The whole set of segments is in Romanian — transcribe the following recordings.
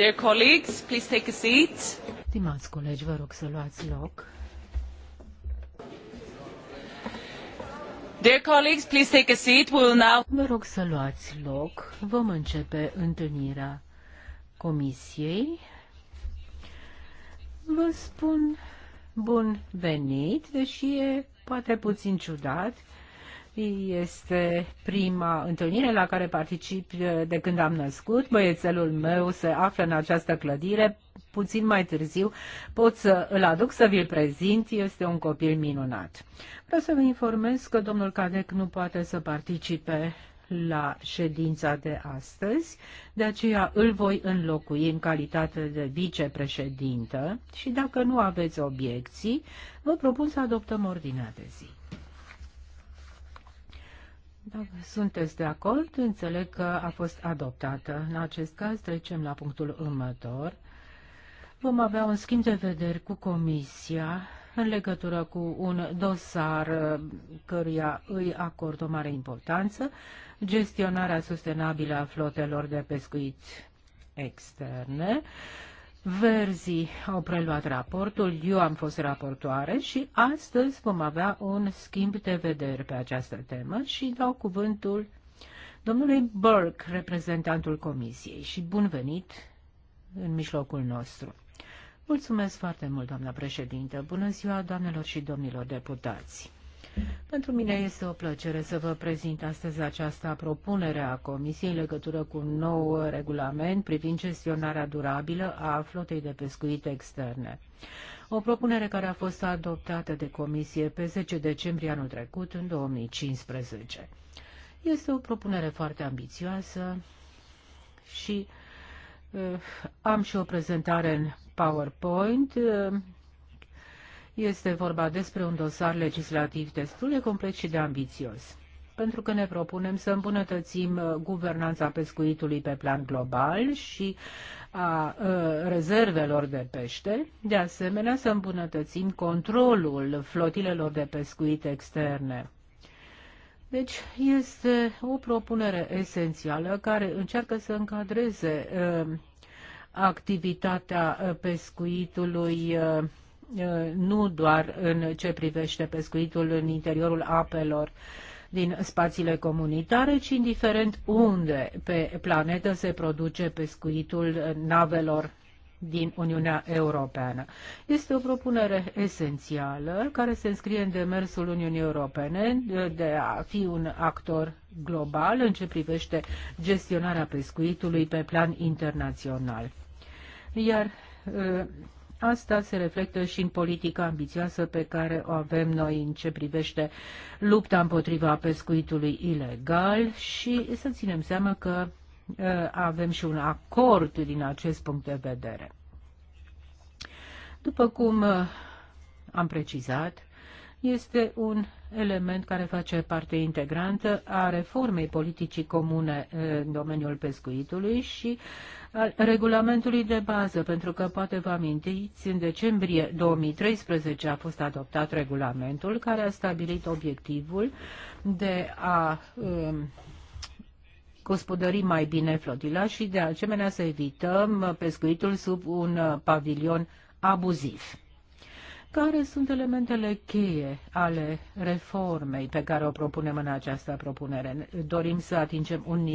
Dear colleagues, please take a seat. Stimați colegi, vă rog să luați loc. Dear colleagues, please take a seat. We'll now... Vă rog să luați loc. Vom începe întâlnirea comisiei. Vă spun bun venit, deși e poate puțin ciudat este prima întâlnire la care particip eh, de când am născut. Băiețelul meu se află în această clădire. Puțin mai târziu pot să îl aduc să vi-l prezint. Este un copil minunat. Vreau să vă informez că domnul Cadec nu poate să participe la ședința de astăzi, de aceea îl voi înlocui în calitate de vicepreședintă și dacă nu aveți obiecții, vă propun să adoptăm ordinea de zi. Dacă sunteți de acord, înțeleg că a fost adoptată. În acest caz trecem la punctul următor. Vom avea un schimb de vederi cu Comisia în legătură cu un dosar uh, căruia îi acord o mare importanță, gestionarea sustenabilă a flotelor de pescuit externe. Verzii au preluat raportul, eu am fost raportoare și astăzi vom avea un schimb de vedere pe această temă și dau cuvântul domnului Burke, reprezentantul comisiei și bun venit în mijlocul nostru. Mulțumesc foarte mult, doamna președintă. Bună ziua, doamnelor și domnilor deputați. Pentru mine este o plăcere să vă prezint astăzi această propunere a Comisiei în legătură cu un nou regulament privind gestionarea durabilă a flotei de pescuit externe. O propunere care a fost adoptată de Comisie pe 10 decembrie anul trecut, în 2015. Este o propunere foarte ambițioasă și uh, am și o prezentare în PowerPoint. Uh, este vorba despre un dosar legislativ destul de complex și de ambițios, pentru că ne propunem să îmbunătățim uh, guvernanța pescuitului pe plan global și a, a uh, rezervelor de pește, de asemenea să îmbunătățim controlul flotilelor de pescuit externe. Deci este o propunere esențială care încearcă să încadreze uh, activitatea pescuitului Eh, nu doar în ce privește pescuitul în interiorul apelor din spațiile comunitare, ci indiferent unde pe planetă se produce pescuitul navelor din Uniunea Europeană. Este o propunere esențială care se înscrie în demersul Uniunii Europene de a fi un actor global în ce privește gestionarea pescuitului pe plan internațional. Iar eh, Asta se reflectă și în politica ambițioasă pe care o avem noi în ce privește lupta împotriva pescuitului ilegal și să ținem seama că uh, avem și un acord din acest punct de vedere. După cum uh, am precizat, este un element care face parte integrantă a reformei politicii comune uh, în domeniul pescuitului și al regulamentului de bază, pentru că poate vă amintiți, în decembrie 2013 a fost adoptat regulamentul care a stabilit obiectivul de a um, gospodări mai bine flotila și de asemenea să evităm pescuitul sub un uh, pavilion abuziv care sunt elementele cheie ale reformei pe care o propunem în această propunere. Dorim să atingem un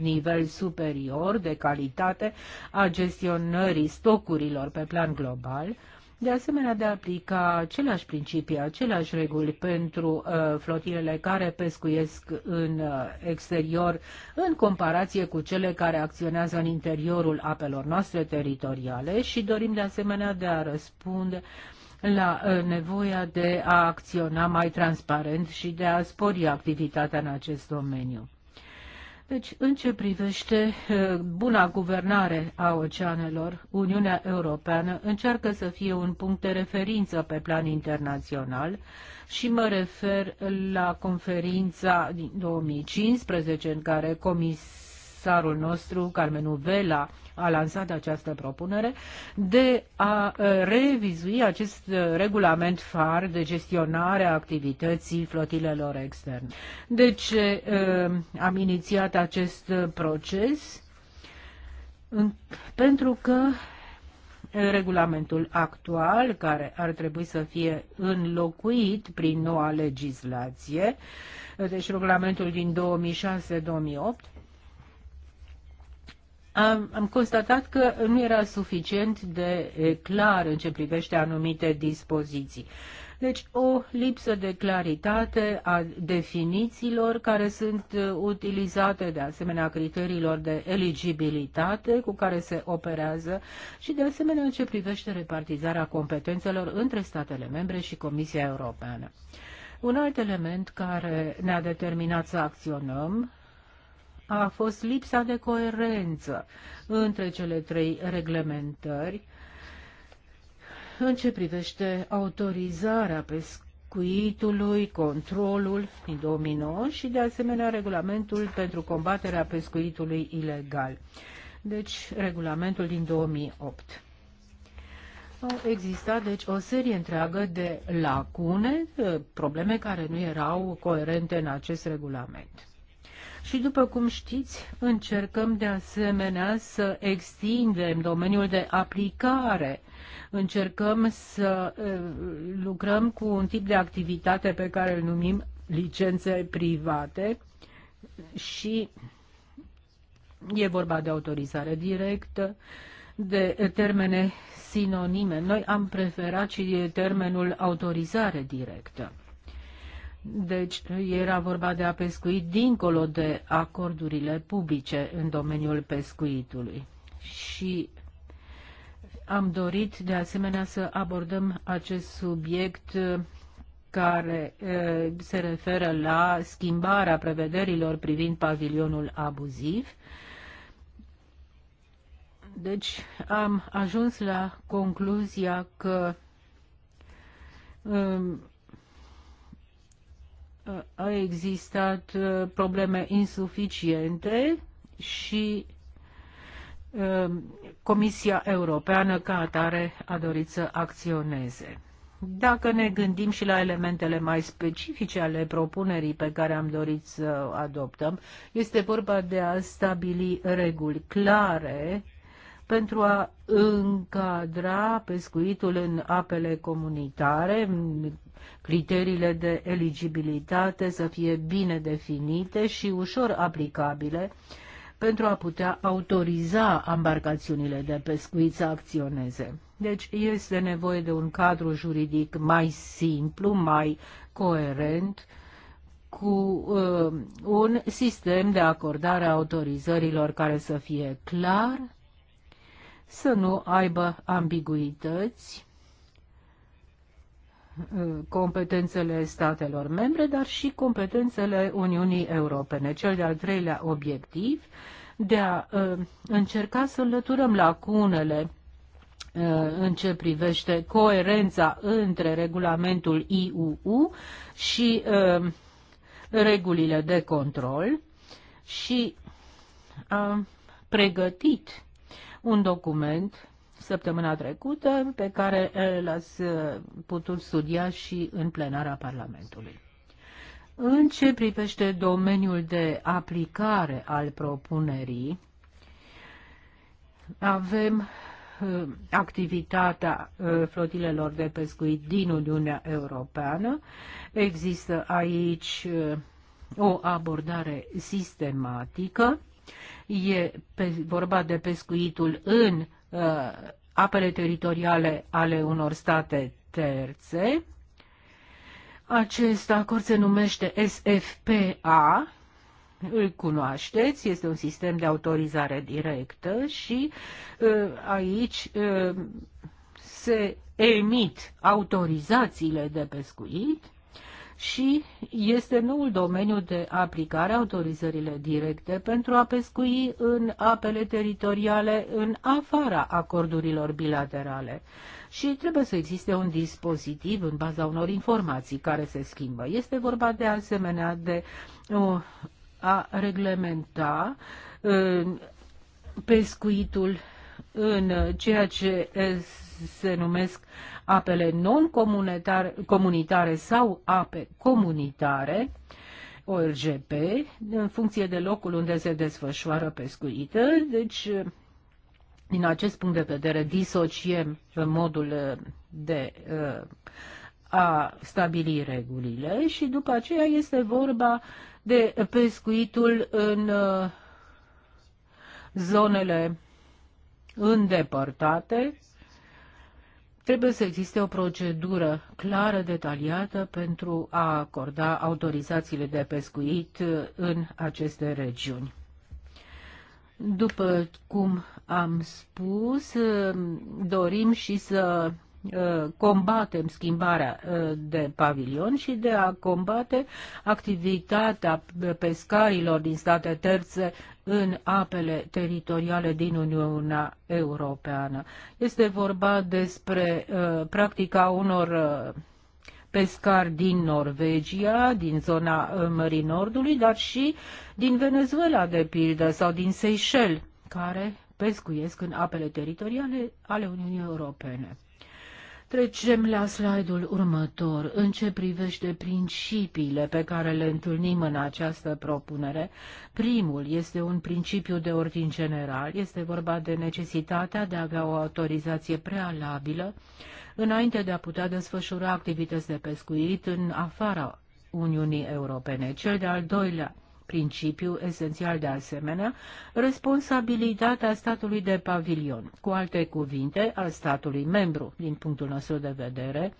nivel superior de calitate a gestionării stocurilor pe plan global, de asemenea de a aplica aceleași principii, aceleași reguli pentru uh, flotilele care pescuiesc în uh, exterior în comparație cu cele care acționează în interiorul apelor noastre teritoriale și dorim de asemenea de a răspunde uh, la uh, nevoia de a acționa mai transparent și de a spori activitatea în acest domeniu. Deci, în ce privește uh, buna guvernare a oceanelor, Uniunea Europeană încearcă să fie un punct de referință pe plan internațional și mă refer la conferința din 2015 în care Comisia comisarul nostru, Carmenu Vela, a lansat această propunere de a uh, revizui acest uh, regulament far de gestionare a activității flotilelor externe. Deci am inițiat acest proces pentru că regulamentul actual, care ar trebui să fie înlocuit prin noua legislație, deci regulamentul din 2006-2008, am, am constatat că nu era suficient de clar în ce privește anumite dispoziții. Deci o lipsă de claritate a definițiilor care sunt utilizate de asemenea criteriilor de eligibilitate cu care se operează și de asemenea în ce privește repartizarea competențelor între statele membre și Comisia Europeană. Un alt element care ne-a determinat să acționăm a fost lipsa de coerență între cele trei reglementări în ce privește autorizarea pescuitului, controlul din 2009 și de asemenea regulamentul pentru combaterea pescuitului ilegal. Deci regulamentul din 2008. Au existat deci o serie întreagă de lacune, probleme care nu erau coerente în acest regulament. Și după cum știți, încercăm de asemenea să extindem domeniul de aplicare. Încercăm să lucrăm cu un tip de activitate pe care îl numim licențe private și e vorba de autorizare directă, de termene sinonime. Noi am preferat și termenul autorizare directă. Deci era vorba de a pescui dincolo de acordurile publice în domeniul pescuitului. Și am dorit de asemenea să abordăm acest subiect uh, care uh, se referă la schimbarea prevederilor privind pavilionul abuziv. Deci am ajuns la concluzia că um, au existat uh, probleme insuficiente și uh, Comisia Europeană ca atare a dorit să acționeze. Dacă ne gândim și la elementele mai specifice ale propunerii pe care am dorit să o adoptăm, este vorba de a stabili reguli clare pentru a încadra pescuitul în apele comunitare, criteriile de eligibilitate să fie bine definite și ușor aplicabile pentru a putea autoriza ambarcațiunile de pescuit să acționeze. Deci este nevoie de un cadru juridic mai simplu, mai coerent, cu uh, un sistem de acordare a autorizărilor care să fie clar să nu aibă ambiguități uh, competențele statelor membre, dar și competențele Uniunii Europene. Cel de-al treilea obiectiv de a uh, încerca să înlăturăm lacunele uh, în ce privește coerența între regulamentul IUU și regulile de control și a pregătit un document săptămâna trecută pe care eh, l-ați eh, putut studia și în plenara Parlamentului. În ce privește domeniul de aplicare al propunerii, avem eh, activitatea flotilelor de pescuit din Uniunea Europeană. Există aici o abordare sistematică E pe, vorba de pescuitul în uh, apele teritoriale ale unor state terțe. Acest acord se numește SFPA, îl cunoașteți, este un sistem de autorizare directă și uh, aici uh, se emit autorizațiile de pescuit și este noul domeniu de aplicare autorizările directe pentru a pescui în apele teritoriale în afara acordurilor bilaterale. Și trebuie să existe un dispozitiv în baza unor informații care se schimbă. Este vorba de asemenea de uh, a reglementa uh, pescuitul în ceea ce se numesc uh, apele non-comunitare sau ape comunitare, ORGP, în funcție de locul unde se desfășoară pescuită. Deci, din acest punct de vedere, disociem modul de a stabili regulile și după aceea este vorba de pescuitul în zonele îndepărtate, Trebuie să existe o procedură clară, detaliată pentru a acorda autorizațiile de pescuit în aceste regiuni. După cum am spus, dorim și să combatem schimbarea uh, de pavilion și de a combate activitatea pescarilor din state terțe în apele teritoriale din Uniunea Europeană. Este vorba despre uh, practica unor uh, pescari din Norvegia, din zona Mării Nordului, dar și din Venezuela, de pildă, sau din Seychelles, care pescuiesc în apele teritoriale ale Uniunii Europene. Trecem la slide-ul următor. În ce privește principiile pe care le întâlnim în această propunere, primul este un principiu de ordin general. Este vorba de necesitatea de a avea o autorizație prealabilă înainte de a putea desfășura activități de pescuit în afara Uniunii Europene. Cel de-al doilea Principiu esențial de asemenea, responsabilitatea statului de pavilion, cu alte cuvinte, al statului membru, din punctul nostru de vedere,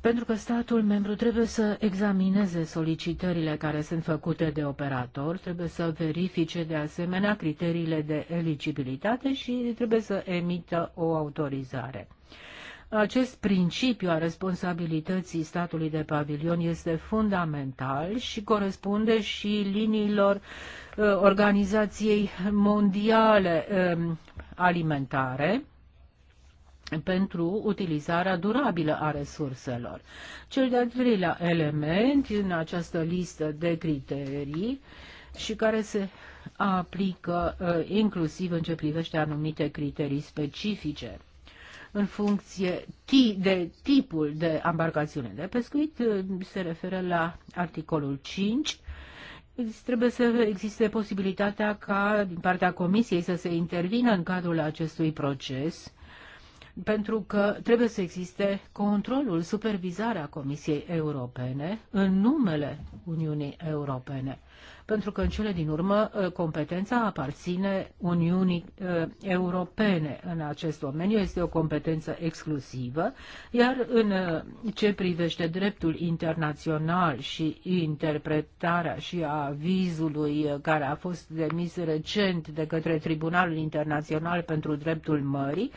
pentru că statul membru trebuie să examineze solicitările care sunt făcute de operator, trebuie să verifice de asemenea criteriile de eligibilitate și trebuie să emită o autorizare. Acest principiu a responsabilității statului de pavilion este fundamental și corespunde și liniilor uh, Organizației Mondiale uh, Alimentare pentru utilizarea durabilă a resurselor. Cel de-al treilea element în această listă de criterii și care se aplică uh, inclusiv în ce privește anumite criterii specifice în funcție de tipul de embarcațiune de pescuit, uh, se referă la articolul 5. Trebuie să existe posibilitatea ca din partea Comisiei să se intervină în cadrul acestui proces pentru că trebuie să existe controlul, supervizarea Comisiei Europene în numele Uniunii Europene pentru că în cele din urmă ă, competența aparține Uniunii ă, Europene în acest domeniu, este o competență exclusivă, iar în ă, ce privește dreptul internațional și interpretarea și a vizului care a fost demis recent de către Tribunalul Internațional pentru Dreptul Mării,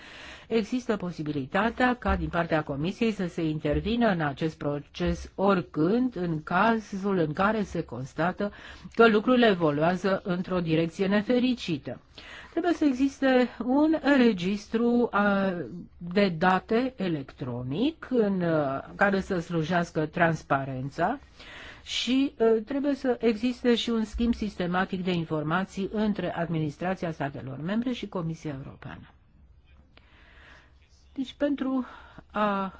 Există posibilitatea ca din partea Comisiei să se intervină în acest proces oricând, în cazul în care se constată că lucrurile evoluează într-o direcție nefericită. Trebuie să existe un registru de date electronic în care să slujească transparența și trebuie să existe și un schimb sistematic de informații între administrația statelor membre și Comisia Europeană. Deci, pentru a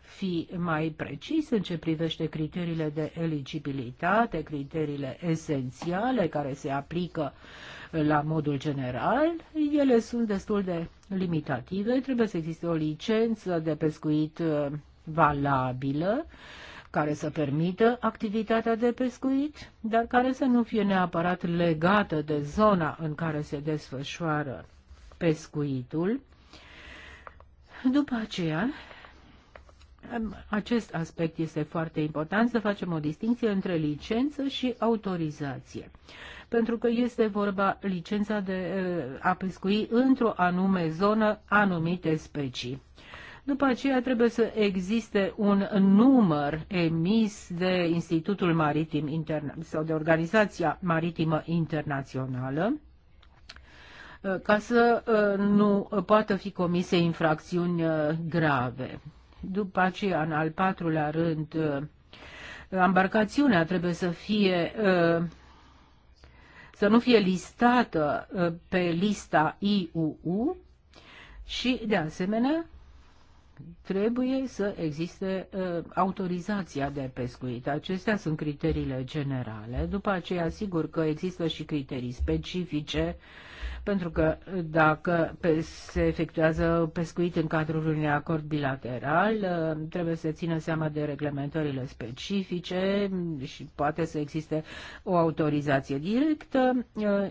fi mai precis în ce privește criteriile de eligibilitate, criteriile esențiale care se aplică la modul general, ele sunt destul de limitative. Trebuie să existe o licență de pescuit uh, valabilă care să permită activitatea de pescuit, dar care să nu fie neapărat legată de zona în care se desfășoară pescuitul după aceea, acest aspect este foarte important, să facem o distinție între licență și autorizație. Pentru că este vorba licența de eh, a pescui într-o anume zonă anumite specii. După aceea trebuie să existe un număr emis de Institutul Maritim Interna- sau de Organizația Maritimă Internațională, Uh, ca să uh, nu poată fi comise infracțiuni uh, grave. După aceea, în al patrulea rând, embarcațiunea trebuie să fie să nu fie listată pe lista IUU și, de asemenea, trebuie să existe uh, autorizația de pescuit. Acestea sunt criteriile generale. După aceea, sigur că există și criterii specifice, pentru că dacă se efectuează pescuit în cadrul unui acord bilateral, uh, trebuie să țină seama de reglementările specifice și poate să existe o autorizație directă. Uh,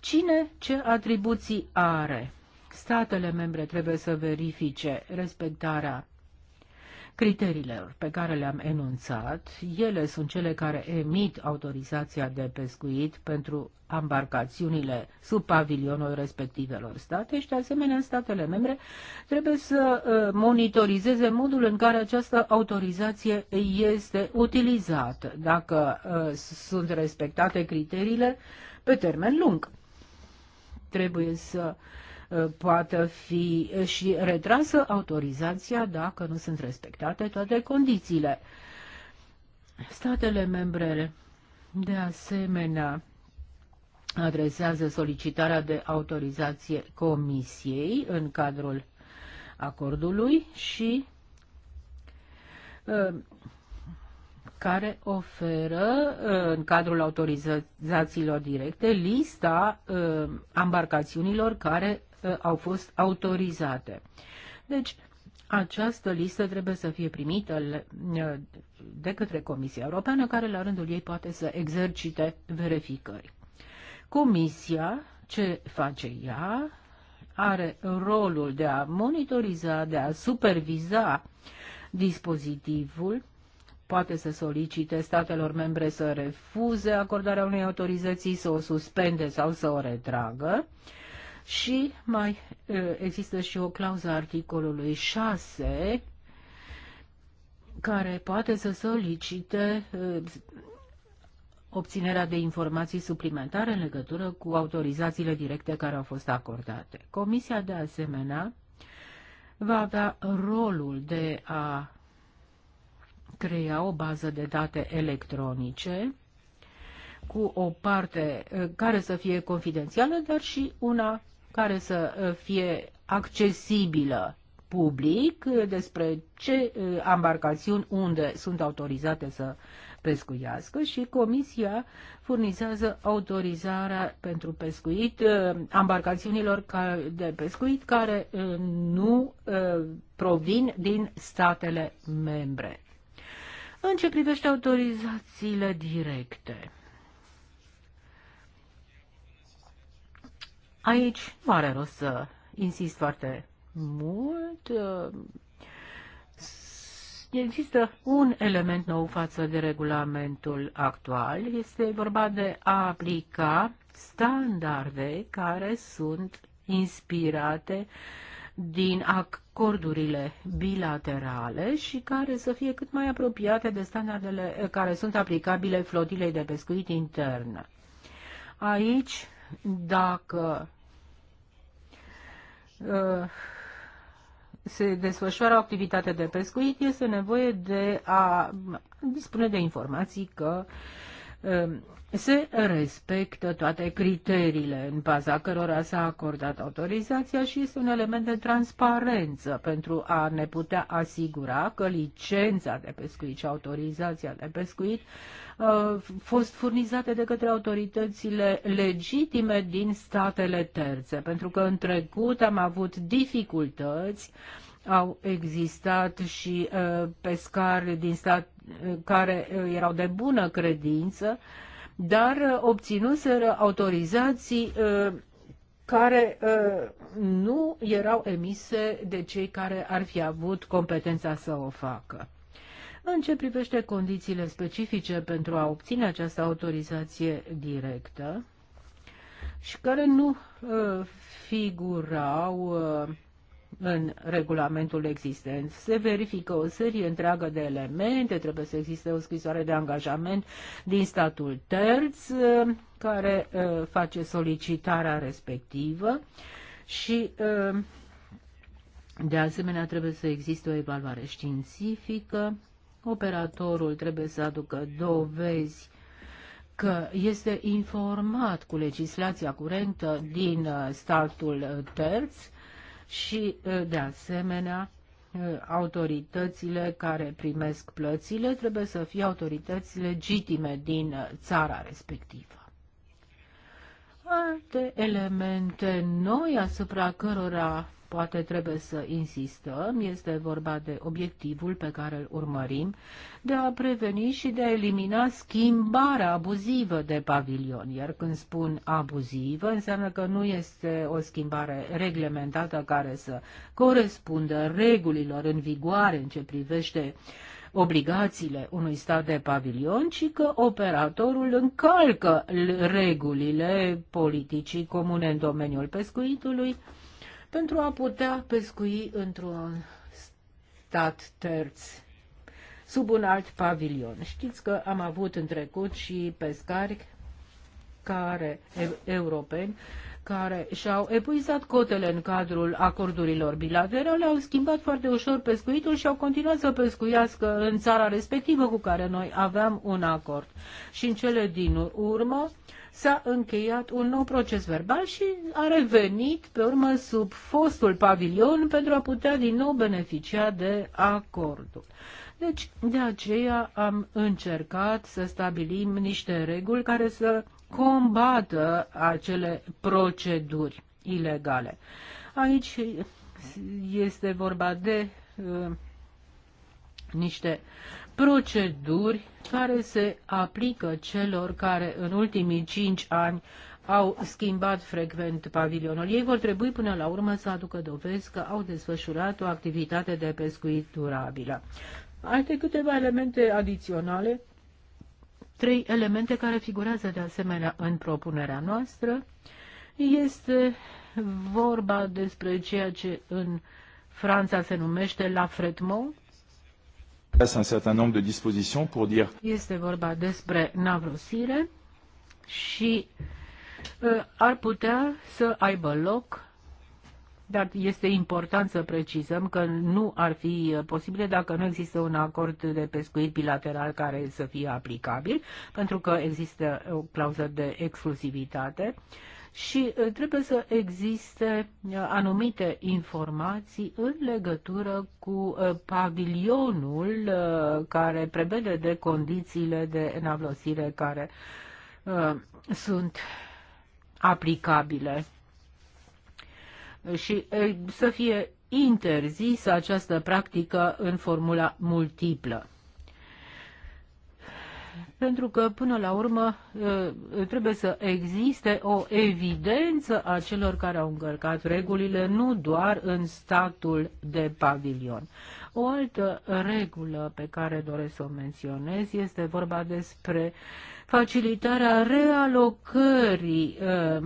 cine ce atribuții are? Statele membre trebuie să verifice respectarea criteriilor pe care le-am enunțat. Ele sunt cele care emit autorizația de pescuit pentru ambarcațiunile sub pavilionul respectivelor state și, de asemenea, statele membre trebuie să uh, monitorizeze modul în care această autorizație este utilizată, dacă uh, sunt respectate criteriile pe termen lung. Trebuie să uh, poată fi și retrasă autorizația dacă nu sunt respectate toate condițiile. Statele membre, de asemenea, adresează solicitarea de autorizație Comisiei în cadrul acordului și uh, care oferă uh, în cadrul autorizațiilor directe lista embarcațiunilor uh, care Uh, au fost autorizate. Deci, această listă trebuie să fie primită uh, de către Comisia Europeană, care la rândul ei poate să exercite verificări. Comisia, ce face ea, are rolul de a monitoriza, de a superviza dispozitivul, poate să solicite statelor membre să refuze acordarea unei autorizații, să o suspende sau să o retragă, și mai există și o clauză articolului 6 care poate să solicite obținerea de informații suplimentare în legătură cu autorizațiile directe care au fost acordate. Comisia, de asemenea, va avea rolul de a crea o bază de date electronice cu o parte care să fie confidențială, dar și una care să uh, fie accesibilă public uh, despre ce uh, embarcațiuni unde sunt autorizate să pescuiască și comisia furnizează autorizarea pentru pescuit embarcațiunilor de pescuit care nu provin din statele membre. În ce privește autorizațiile directe, Aici nu are rost să insist foarte mult. Există un element nou față de regulamentul actual. Este vorba de a aplica standarde care sunt inspirate din acordurile bilaterale și care să fie cât mai apropiate de standardele care sunt aplicabile flotilei de pescuit internă. Aici dacă uh, se desfășoară o activitate de pescuit, este nevoie de a dispune de informații că uh, Ehm, se respectă toate criteriile în baza cărora s-a acordat autorizația și este un element de transparență pentru a ne putea asigura că licența de pescuit și autorizația de pescuit a uh, fost furnizate de către autoritățile legitime din statele terțe, pentru că în trecut am avut dificultăți au existat și uh, pescari din stat uh, care uh, erau de bună credință, dar obținuseră autorizații care nu erau emise de cei care ar fi avut competența să o facă. În ce privește condițiile specifice pentru a obține această autorizație directă și care nu figurau în regulamentul existent. Se verifică o serie întreagă de elemente, trebuie să existe o scrisoare de angajament din statul terț uh, care uh, face solicitarea respectivă și uh, de asemenea trebuie să existe o evaluare științifică, operatorul trebuie să aducă dovezi că este informat cu legislația curentă din statul terț și, uh, de asemenea, uh, autoritățile care primesc plățile trebuie să fie autorități legitime din uh, țara respectivă. Alte elemente noi asupra cărora poate trebuie să insistăm, este vorba de obiectivul pe care îl urmărim, de a preveni și de a elimina schimbarea abuzivă de pavilion. Iar când spun abuzivă, înseamnă că nu este o schimbare reglementată care să corespundă regulilor în vigoare în ce privește obligațiile unui stat de pavilion, ci că operatorul încalcă regulile politicii comune în domeniul pescuitului pentru a putea pescui într-un stat terț sub un alt pavilion. Știți că am avut în trecut și pescari care, europeni care și-au epuizat cotele în cadrul acordurilor bilaterale, au schimbat foarte ușor pescuitul și au continuat să pescuiască în țara respectivă cu care noi aveam un acord. Și în cele din urmă, uh, s-a încheiat un nou proces verbal și a revenit pe urmă sub fostul pavilion pentru a putea din nou beneficia de acordul. Deci, de aceea am încercat să stabilim niște reguli care să combată acele proceduri ilegale. Aici este vorba de uh, niște proceduri care se aplică celor care în ultimii cinci ani au schimbat frecvent pavilionul. Ei vor trebui până la urmă să aducă dovezi că au desfășurat o activitate de pescuit durabilă. Alte câteva elemente adiționale, trei elemente care figurează de asemenea în propunerea noastră, este vorba despre ceea ce în Franța se numește la fretmont, este vorba despre navrosire și ă, ar putea să aibă loc dar este important să precizăm că nu ar fi ă, posibil dacă nu există un acord de pescuit bilateral care să fie aplicabil, pentru că există o clauză de exclusivitate. Uh, și uh, trebuie să existe uh, anumite informații în legătură cu uh, pavilionul care prevede de condițiile de înavlosire care sunt aplicabile și să fie interzisă această practică în formula multiplă pentru că până la urmă ă, trebuie să existe o evidență a celor care au încălcat regulile, nu doar în statul de pavilion. O altă regulă pe care doresc să o menționez este vorba despre facilitarea realocării ă,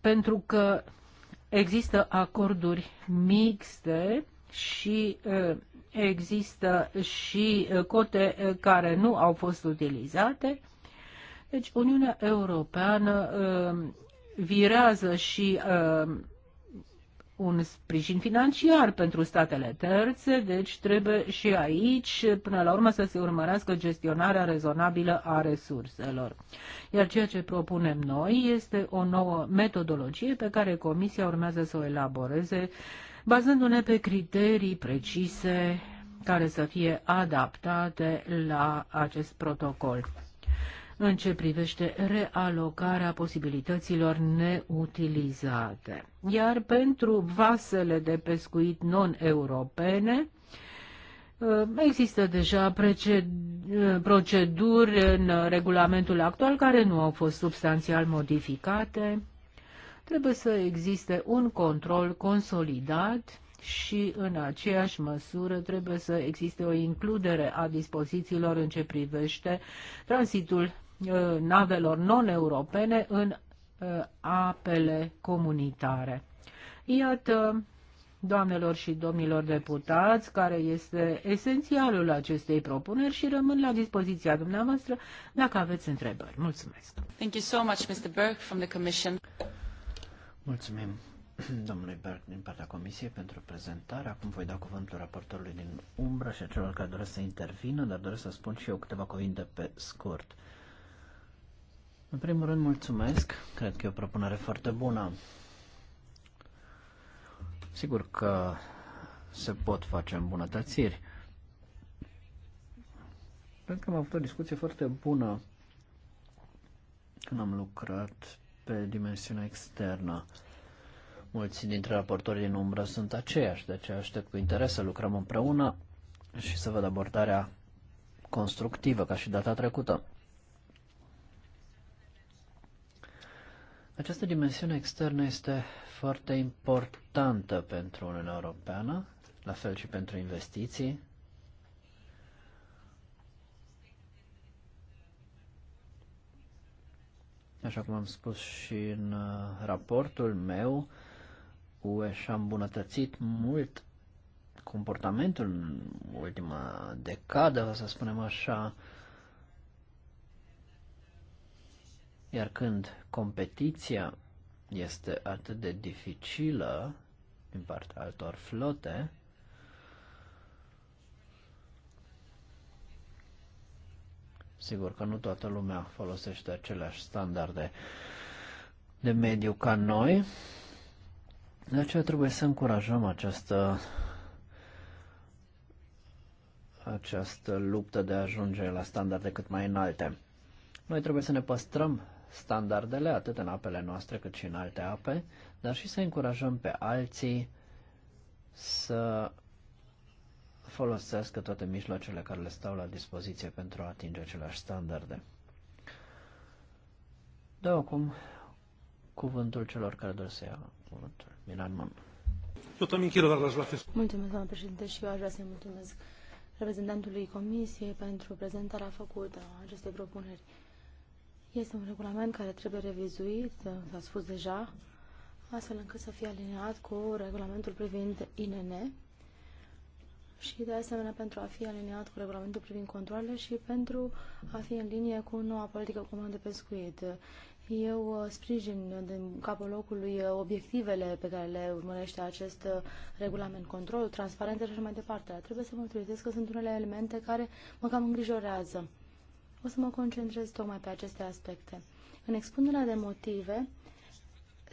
pentru că există acorduri mixte și ă, există și uh, cote uh, care nu au fost utilizate. Deci Uniunea Europeană uh, virează și un sprijin financiar pentru statele terțe, deci trebuie și aici, până la urmă, să se urmărească gestionarea rezonabilă a resurselor. Iar ceea ce propunem noi este o nouă metodologie pe care Comisia urmează să o elaboreze uh, bazându-ne pe criterii precise care să fie adaptate la acest protocol în ce privește realocarea posibilităților neutilizate. Iar pentru vasele de pescuit non-europene, ă, Există deja ă, proceduri în regulamentul actual care nu au fost substanțial modificate Trebuie să existe un control consolidat și în aceeași măsură trebuie să existe o includere a dispozițiilor în ce privește transitul uh, navelor non-europene în uh, apele comunitare. Iată, doamnelor și domnilor deputați, care este esențialul acestei propuneri și rămân la dispoziția dumneavoastră dacă aveți întrebări. Mulțumesc. Thank you so much, Mr. Burke, from the Commission. Mulțumim, domnului Berg, din partea Comisiei, pentru prezentare. Acum voi da cuvântul raportorului din umbră și a celor care doresc să intervină, dar doresc să spun și eu câteva cuvinte pe scurt. În primul rând, mulțumesc. Cred că e o propunere foarte bună. Sigur că se pot face îmbunătățiri. Cred că am avut o discuție foarte bună când am lucrat pe dimensiunea externă. Mulți dintre raportorii din umbră sunt aceiași, de ce aștept cu interes să lucrăm împreună și să văd abordarea constructivă, ca și data trecută. Această dimensiune externă este foarte importantă pentru Uniunea Europeană, la fel și pentru investiții, Așa cum am spus și în uh, raportul meu, UE și-a îmbunătățit mult comportamentul în ultima decadă, să spunem așa, iar când competiția este atât de dificilă din partea altor flote, Sigur că nu toată lumea folosește aceleași standarde de mediu ca noi, de aceea trebuie să încurajăm această, această luptă de a ajunge la standarde cât mai înalte. Noi trebuie să ne păstrăm standardele atât în apele noastre cât și în alte ape, dar și să încurajăm pe alții să folosească toate mijloacele care le stau la dispoziție pentru a atinge aceleași standarde. Dau acum cuvântul celor care doresc să ia cuvântul. Milan Mon. Mulțumesc, doamna președinte, și eu aș vrea să-i mulțumesc reprezentantului Comisiei pentru prezentarea făcută a acestei propuneri. Este un regulament care trebuie revizuit, s-a spus deja, astfel încât să fie aliniat cu regulamentul privind INN, și de asemenea pentru a fi aliniat cu regulamentul privind controlele și pentru a fi în linie cu noua politică comună de pescuit. Eu uh, sprijin din capul locului uh, obiectivele pe care le urmărește acest uh, regulament, control, transparență și așa mai departe. Trebuie să mă utilizez că sunt unele elemente care mă cam îngrijorează. O să mă concentrez tocmai pe aceste aspecte. În expunerea de motive,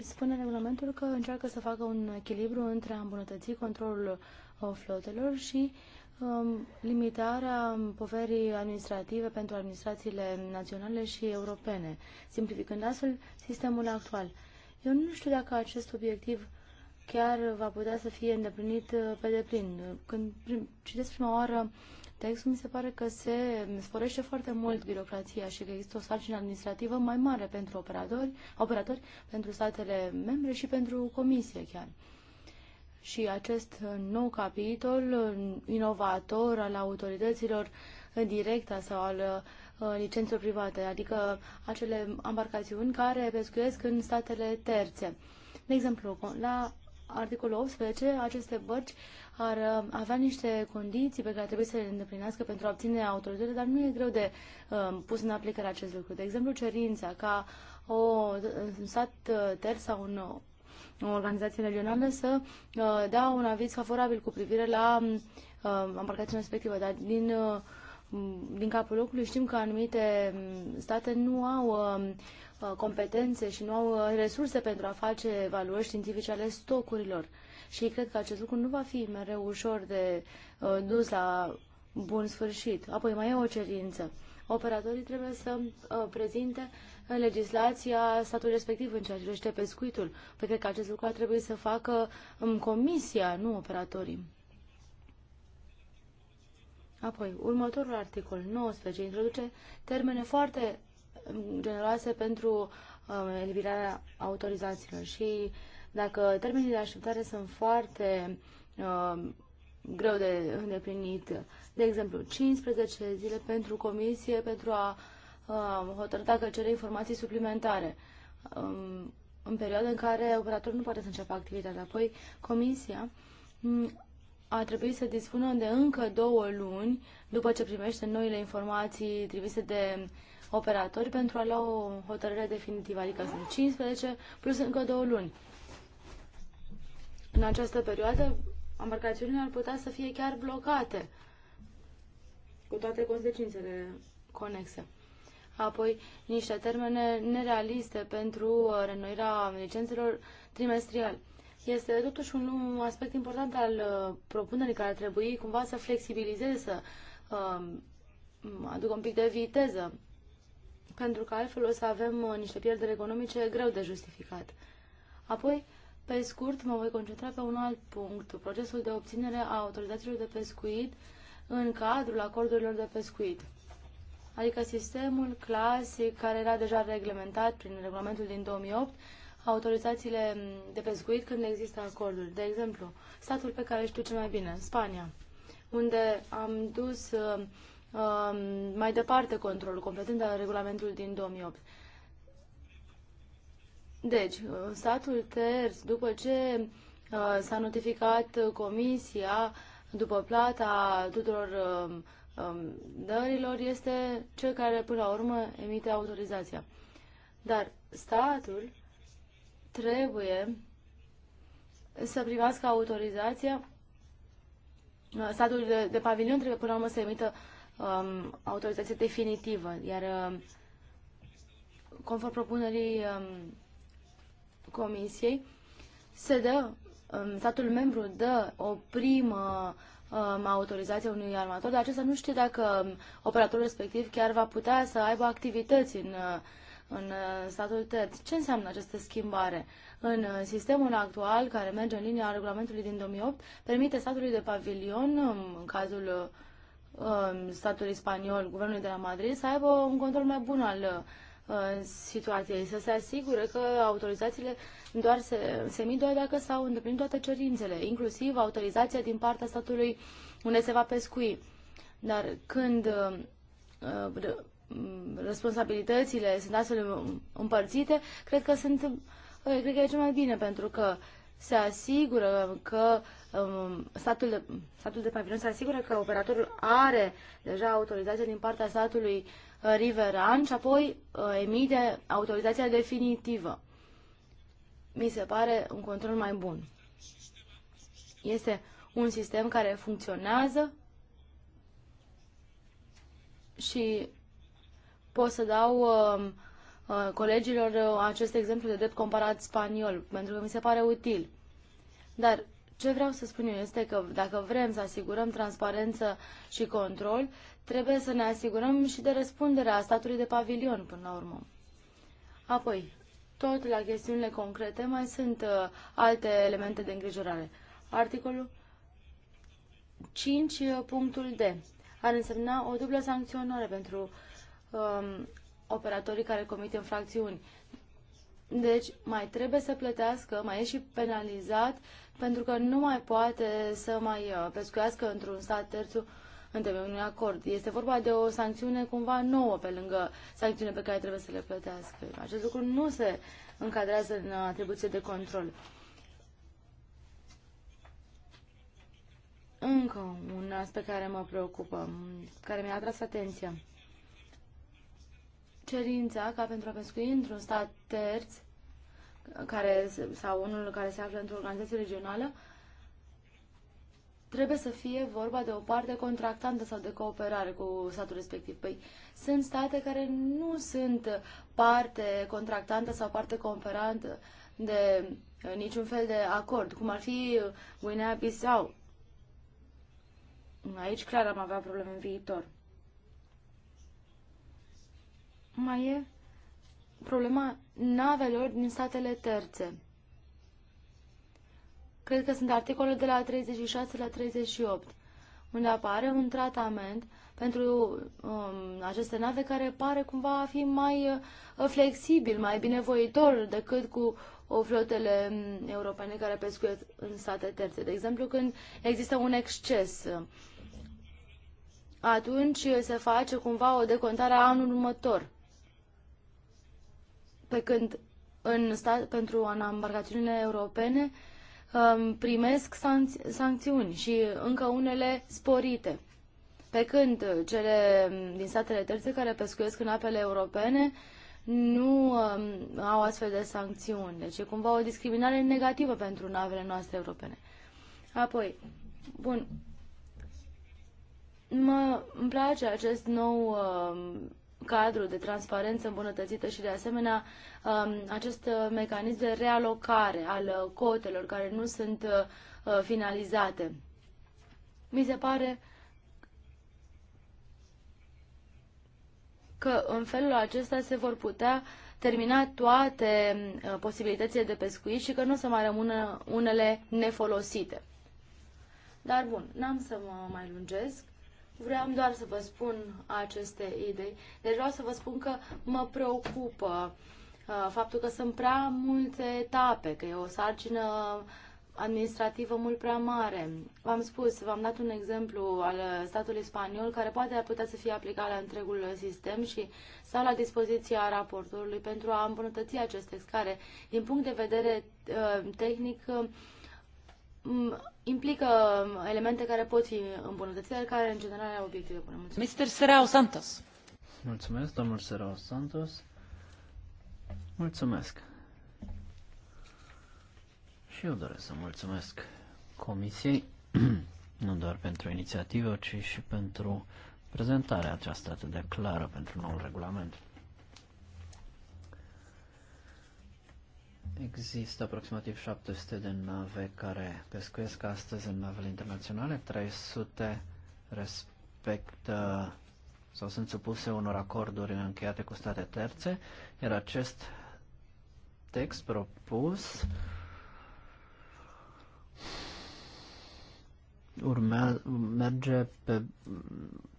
spune regulamentul că încearcă să facă un echilibru între a îmbunătăți controlul flotelor și um, limitarea poverii administrative pentru administrațiile naționale și europene, simplificând astfel sistemul actual. Eu nu știu dacă acest obiectiv chiar va putea să fie îndeplinit uh, pe deplin. Când citesc prima oară textul, mi se pare că se sporește foarte mult birocrația și că există o sarcină administrativă mai mare pentru operatori, operatori pentru statele membre și pentru comisie chiar și acest nou capitol inovator al autorităților directe sau al uh, licențelor private, adică acele embarcațiuni care pescuiesc în statele terțe. De exemplu, la articolul 18, aceste bărci ar uh, avea niște condiții pe care trebuie să le îndeplinească pentru a obține autorizare, dar nu e greu de uh, pus în aplicare acest lucru. De exemplu, cerința ca o, un stat terț sau un organizațiile regionale să uh, dea un aviz favorabil cu privire la ambarcațiunea uh, respectivă, dar din uh, din capul locului știm că anumite um, state nu au competențe și nu au resurse pentru a face evaluări științifice ale stocurilor. Și cred că acest lucru nu va fi mereu ușor de dus la bun sfârșit. Apoi mai e o cerință. Operatorii trebuie să prezinte legislația statului respectiv în ceea ce privește pescuitul. Păi cred că acest lucru ar trebui să facă în um, comisia, nu operatorii. Apoi, următorul articol, 19, introduce termene foarte um, generoase pentru uh, eliberarea autorizațiilor și dacă termenii de așteptare sunt foarte uh, greu de îndeplinit, de exemplu, 15 zile pentru comisie pentru a hotărât dacă cere informații suplimentare în perioada în care operatorul nu poate să înceapă activitatea. Apoi, comisia a trebuit să dispună de încă două luni după ce primește noile informații trimise de operatori pentru a lua o hotărâre definitivă, adică sunt 15 plus încă două luni. În această perioadă, embarcațiunile ar putea să fie chiar blocate, cu toate consecințele conexe apoi niște termene nerealiste pentru uh, renoirea licențelor trimestrial. Este totuși un aspect important al uh, propunerii care ar trebui cumva să flexibilizeze, să um, aducă un pic de viteză, pentru că altfel o să avem uh, niște pierderi economice greu de justificat. Apoi, pe scurt, mă voi concentra pe un alt punct, procesul de obținere a autorizațiilor de pescuit în cadrul acordurilor de pescuit adică sistemul clasic care era deja reglementat prin regulamentul din 2008, autorizațiile de pescuit când există acordul. De exemplu, statul pe care știu cel mai bine, Spania, unde am dus uh, uh, mai departe controlul, completând regulamentul din 2008. Deci, statul terț, după ce uh, s-a notificat comisia, după plata tuturor uh, Um, dărilor este cel care până la urmă emite autorizația. Dar statul trebuie să primească autorizația, uh, statul de, de pavilion trebuie până la urmă să emită um, autorizație definitivă, iar um, conform propunerii um, comisiei, se dă, um, statul membru dă o primă um, autorizația unui armator, dar acesta nu știe dacă um, operatorul respectiv chiar va putea să aibă activități în, uh, în uh, statul terț. Ce înseamnă această schimbare? În uh, sistemul actual, care merge în linia regulamentului din 2008, permite statului de pavilion, um, în cazul um, statului spaniol, guvernului de la Madrid, să aibă un control mai bun al situației, să se asigure că autorizațiile doar SEMI doar dacă s-au îndeplinit toate cerințele, inclusiv autorizația din partea statului unde se va pescui. Dar când uh, mm, responsabilitățile sunt astfel împărțite, cred că sunt cred că e cel mai bine, pentru că se asigură că um, statul, de, statul de pavilion se asigură că operatorul are deja autorizația din partea statului uh, riveran și apoi uh, emite autorizația definitivă mi se pare un control mai bun. Este un sistem care funcționează și pot să dau uh, uh, colegilor uh, acest exemplu de drept comparat spaniol, pentru că mi se pare util. Dar ce vreau să spun eu este că dacă vrem să asigurăm transparență și control, trebuie să ne asigurăm și de răspunderea statului de pavilion până la urmă. Apoi, tot la chestiunile concrete mai sunt uh, alte elemente de îngrijorare. Articolul 5, uh, punctul D, ar însemna o dublă sancționare pentru um, operatorii care comit infracțiuni. Deci mai trebuie să plătească, mai e și penalizat, pentru că nu mai poate să mai uh, pescuiască într-un stat terțu între un acord. Este vorba de o sancțiune cumva nouă pe lângă sancțiune pe care trebuie să le plătească. Acest lucru nu se încadrează în atribuție de control. Încă un aspect care mă preocupă, care mi-a atras atenția. Cerința ca pentru a pescui într-un stat terț care, sau unul care se află într-o organizație regională, trebuie să fie vorba de o parte contractantă sau de cooperare cu statul respectiv. Păi sunt state care nu sunt parte contractantă sau parte cooperantă de uh, niciun fel de acord, cum ar fi Guinea-Bissau. Aici clar am avea probleme în viitor. Mai e problema navelor din statele terțe. Cred că sunt articolul de la 36 la 38, unde apare un tratament pentru um, aceste nave care pare cumva a fi mai uh, flexibil, mai binevoitor decât cu o flotele um, europene care pescuiesc în state terțe. De exemplu, când există un exces, atunci se face cumva o decontare a anul următor. Pe când în stat, pentru embarcațiunile europene Um, primesc sancțiuni și încă unele sporite. Pe când cele um, din statele terțe care pescuiesc în apele europene nu um, au astfel de sancțiuni. Deci e cumva o discriminare negativă pentru navele noastre europene. Apoi, bun, mă, îmi place acest nou uh, cadru de transparență îmbunătățită și de asemenea um, acest mecanism de realocare al cotelor care nu sunt uh, finalizate. Mi se pare că în felul acesta se vor putea termina toate uh, posibilitățile de pescuit și că nu o să mai rămână unele nefolosite. Dar bun, n-am să mă mai lungesc. Vreau doar să vă spun aceste idei. Deci vreau să vă spun că mă preocupă uh, faptul că sunt prea multe etape, că e o sarcină administrativă mult prea mare. V-am spus, v-am dat un exemplu al statului spaniol care poate ar putea să fie aplicat la întregul sistem și sau la dispoziția raportorului pentru a îmbunătăți acest text care, din punct de vedere uh, tehnic, um, implică um, elemente care pot fi îmbunătățite, care în general au obiective bune. Mulțumesc. Mr. Serao Santos. Mulțumesc, domnul Serao Santos. Mulțumesc. Și eu doresc să mulțumesc Comisiei, nu doar pentru inițiativă, ci și pentru prezentarea aceasta atât de clară pentru noul regulament. Există aproximativ 700 de nave care pescuiesc astăzi în navele internaționale, 300 respectă sau sunt supuse unor acorduri încheiate cu state terțe, iar acest text propus urmea, merge pe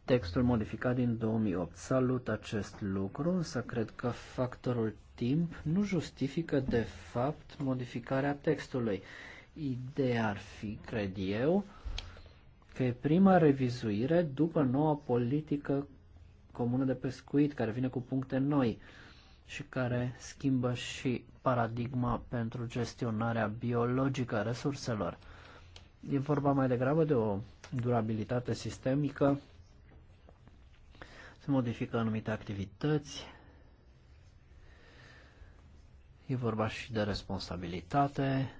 textul modificat din 2008. Salut acest lucru, însă cred că factorul timp nu justifică de fapt modificarea textului. Ideea ar fi, cred eu, că e prima revizuire după noua politică comună de pescuit, care vine cu puncte noi și care schimbă și paradigma pentru gestionarea biologică a resurselor. E vorba mai degrabă de o durabilitate sistemică, se modifică anumite activități, E vorba și de responsabilitate.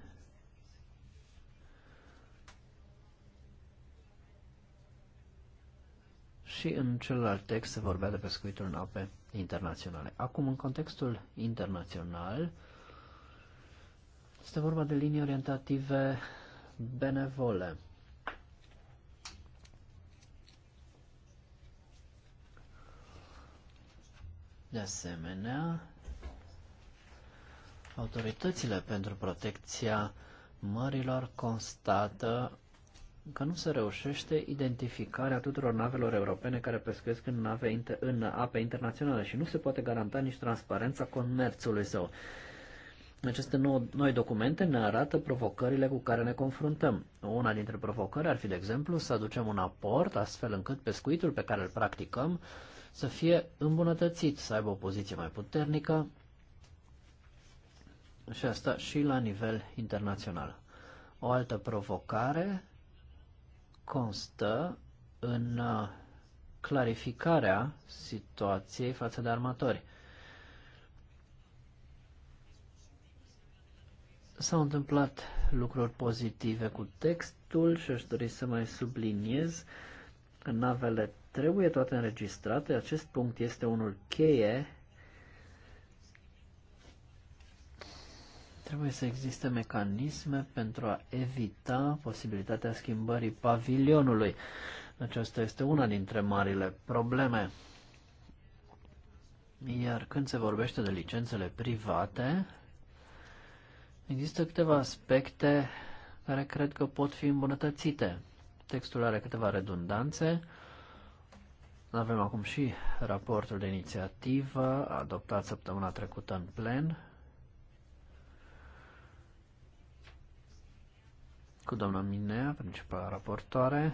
Și în celălalt text se vorbea de pescuitul în ape internaționale. Acum, în contextul internațional, este vorba de linii orientative benevole. De asemenea, autoritățile pentru protecția mărilor constată că nu se reușește identificarea tuturor navelor europene care pescuiesc în, nave inter- în ape internaționale și nu se poate garanta nici transparența comerțului său. Aceste nou, noi documente ne arată provocările cu care ne confruntăm. Una dintre provocări ar fi, de exemplu, să aducem un aport astfel încât pescuitul pe care îl practicăm să fie îmbunătățit, să aibă o poziție mai puternică și asta și la nivel internațional. O altă provocare constă în uh, clarificarea situației față de armatori. S-au întâmplat lucruri pozitive cu textul și aș dori să mai subliniez că navele trebuie toate înregistrate. Acest punct este unul cheie Trebuie să existe mecanisme pentru a evita posibilitatea schimbării pavilionului. Aceasta este una dintre marile probleme. Iar când se vorbește de licențele private, există câteva aspecte care cred că pot fi îmbunătățite. Textul are câteva redundanțe. Avem acum și raportul de inițiativă adoptat săptămâna trecută în plen cu doamna Minea, principala raportoare.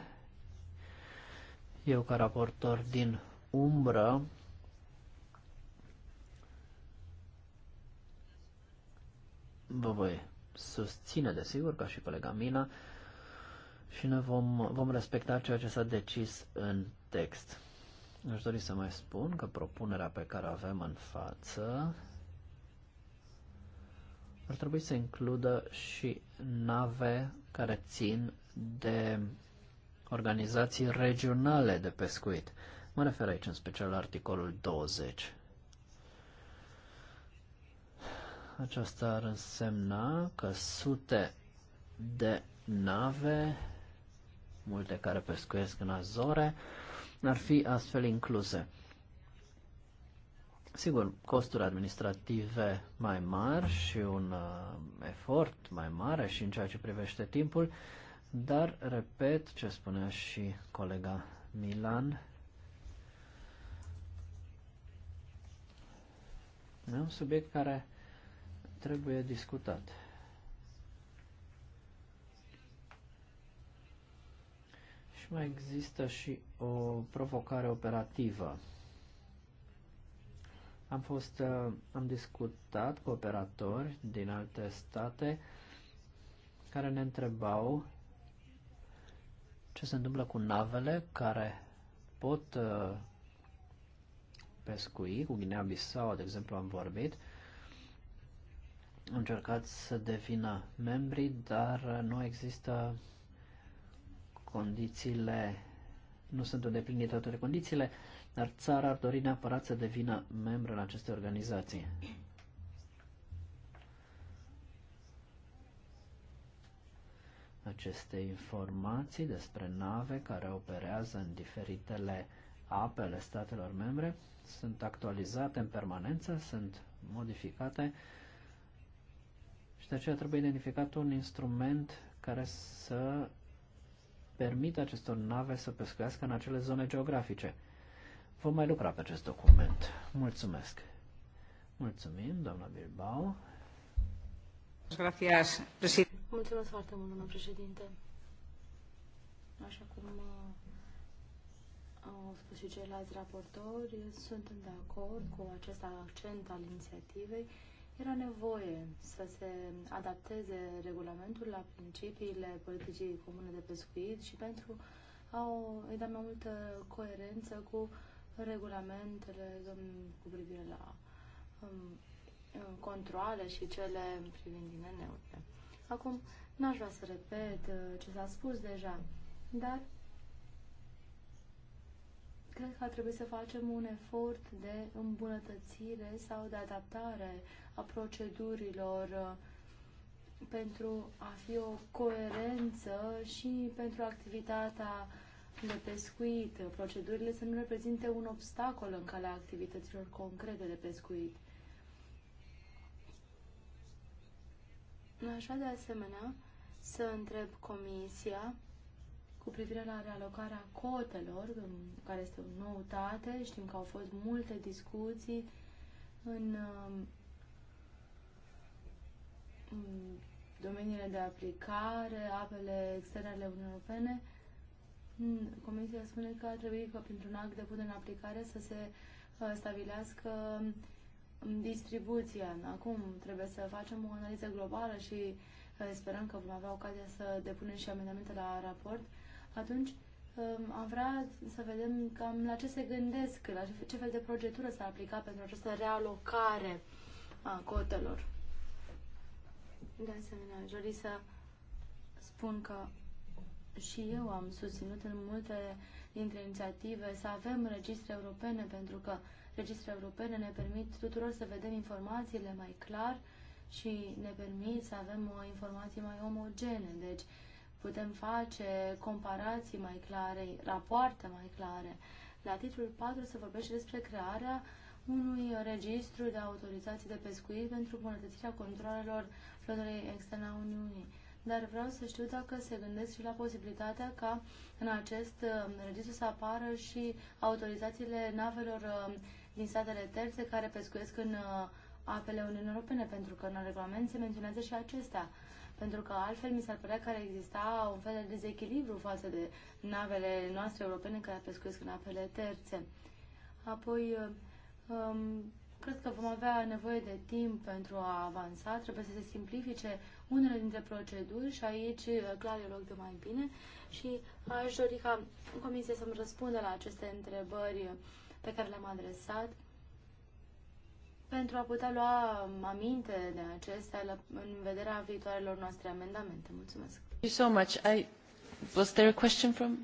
Eu ca raportor din umbră vă voi susține, desigur, ca și colega Mina, și ne vom, vom respecta ceea ce s-a decis în text. Aș dori să mai spun că propunerea pe care o avem în față ar trebui să includă și nave care țin de organizații regionale de pescuit. Mă refer aici în special la articolul 20. Aceasta ar însemna că sute de nave, multe care pescuiesc în Azore, ar fi astfel incluse. Sigur, costuri administrative mai mari și un uh, efort mai mare și în ceea ce privește timpul, dar, repet, ce spunea și colega Milan, e un subiect care trebuie discutat. Și mai există și o provocare operativă am, fost, uh, am discutat cu operatori din alte state care ne întrebau ce se întâmplă cu navele care pot uh, pescui, cu Guinea-Bissau, de exemplu, am vorbit, am încercat să devină membri, dar nu există condițiile, nu sunt îndeplinite toate condițiile dar țara ar dori neapărat să devină membră în aceste organizații. Aceste informații despre nave care operează în diferitele apele statelor membre sunt actualizate în permanență, sunt modificate și de aceea trebuie identificat un instrument care să permită acestor nave să pescuiască în acele zone geografice vom mai lucra pe acest document. Mulțumesc! Mulțumim, doamna Bilbao. Mulțumesc foarte mult, doamna președinte. Așa cum uh, au spus și ceilalți raportori, sunt de acord cu acest accent al inițiativei. Era nevoie să se adapteze regulamentul la principiile politicii comune de pescuit și pentru a îi da mai multă coerență cu uh, regulamentele cu privire la um, um, controle și cele privind INN-urile. Acum, n-aș vrea să repet uh, ce s-a spus deja, dar cred că ar trebui să facem un efort de îmbunătățire sau de adaptare a procedurilor uh, pentru a fi o coerență și pentru activitatea uh, de pescuit, procedurile să nu reprezinte un obstacol în calea activităților concrete de pescuit. Așa de asemenea să întreb Comisia cu privire la realocarea cotelor, care este o noutate. Știm că au fost multe discuții în, um, în domeniile de aplicare, apele externe ale Uniunii Europene. Comisia spune că ar trebui că printr-un act de punere în aplicare să se uh, stabilească um, distribuția. Acum trebuie să facem o analiză globală și uh, sperăm că vom avea ocazia să depunem și amendamente la raport. Atunci um, am vrea să vedem cam la ce se gândesc, la ce fel de procedură s-ar aplica pentru această realocare a cotelor. De asemenea, aș dori să spun că și eu am susținut în multe dintre inițiative să avem registre europene, pentru că registre europene ne permit tuturor să vedem informațiile mai clar și ne permit să avem o informații mai omogene. Deci putem face comparații mai clare, rapoarte mai clare. La titlul 4 se vorbește despre crearea unui registru de autorizații de pescuit pentru îmbunătățirea controlelor flotării externe a Uniunii dar vreau să știu dacă se gândesc și la posibilitatea ca în acest uh, registru să apară și autorizațiile navelor uh, din statele terțe care pescuiesc în uh, apele Uniunii Europene, pentru că în regulament se menționează și acestea. Pentru că altfel mi s-ar părea că ar exista un fel de dezechilibru față de navele noastre europene care pescuiesc în apele terțe. Apoi, um, cred că vom avea nevoie de timp pentru a avansa, trebuie să se simplifice unele dintre proceduri și aici uh, clar e loc de mai bine și aș dori ca Comisia să-mi răspundă la aceste întrebări pe care le-am adresat pentru a putea lua um, aminte de acestea la, în vederea viitoarelor noastre amendamente. Mulțumesc. Thank you so much. I... Was there a question from...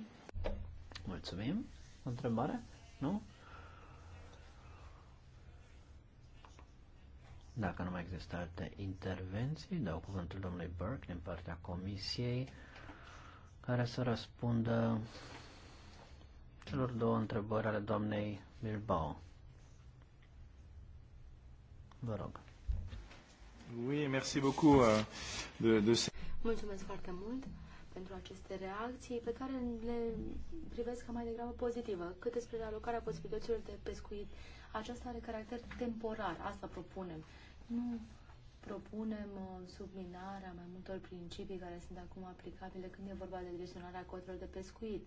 Mulțumim. O întrebare? Nu? Dacă nu mai există alte intervenții, dau cuvântul domnului Burke din partea comisiei, care să răspundă celor două întrebări ale doamnei Bilbao. Vă rog. Oui, merci beaucoup uh, de, de... Mulțumesc foarte mult pentru aceste reacții pe care le privesc ca mai degrabă pozitivă. Cât despre alocarea posibilităților de pescuit, aceasta are caracter temporar, asta propunem. Nu propunem subminarea mai multor principii care sunt acum aplicabile când e vorba de gestionarea cotelor de pescuit.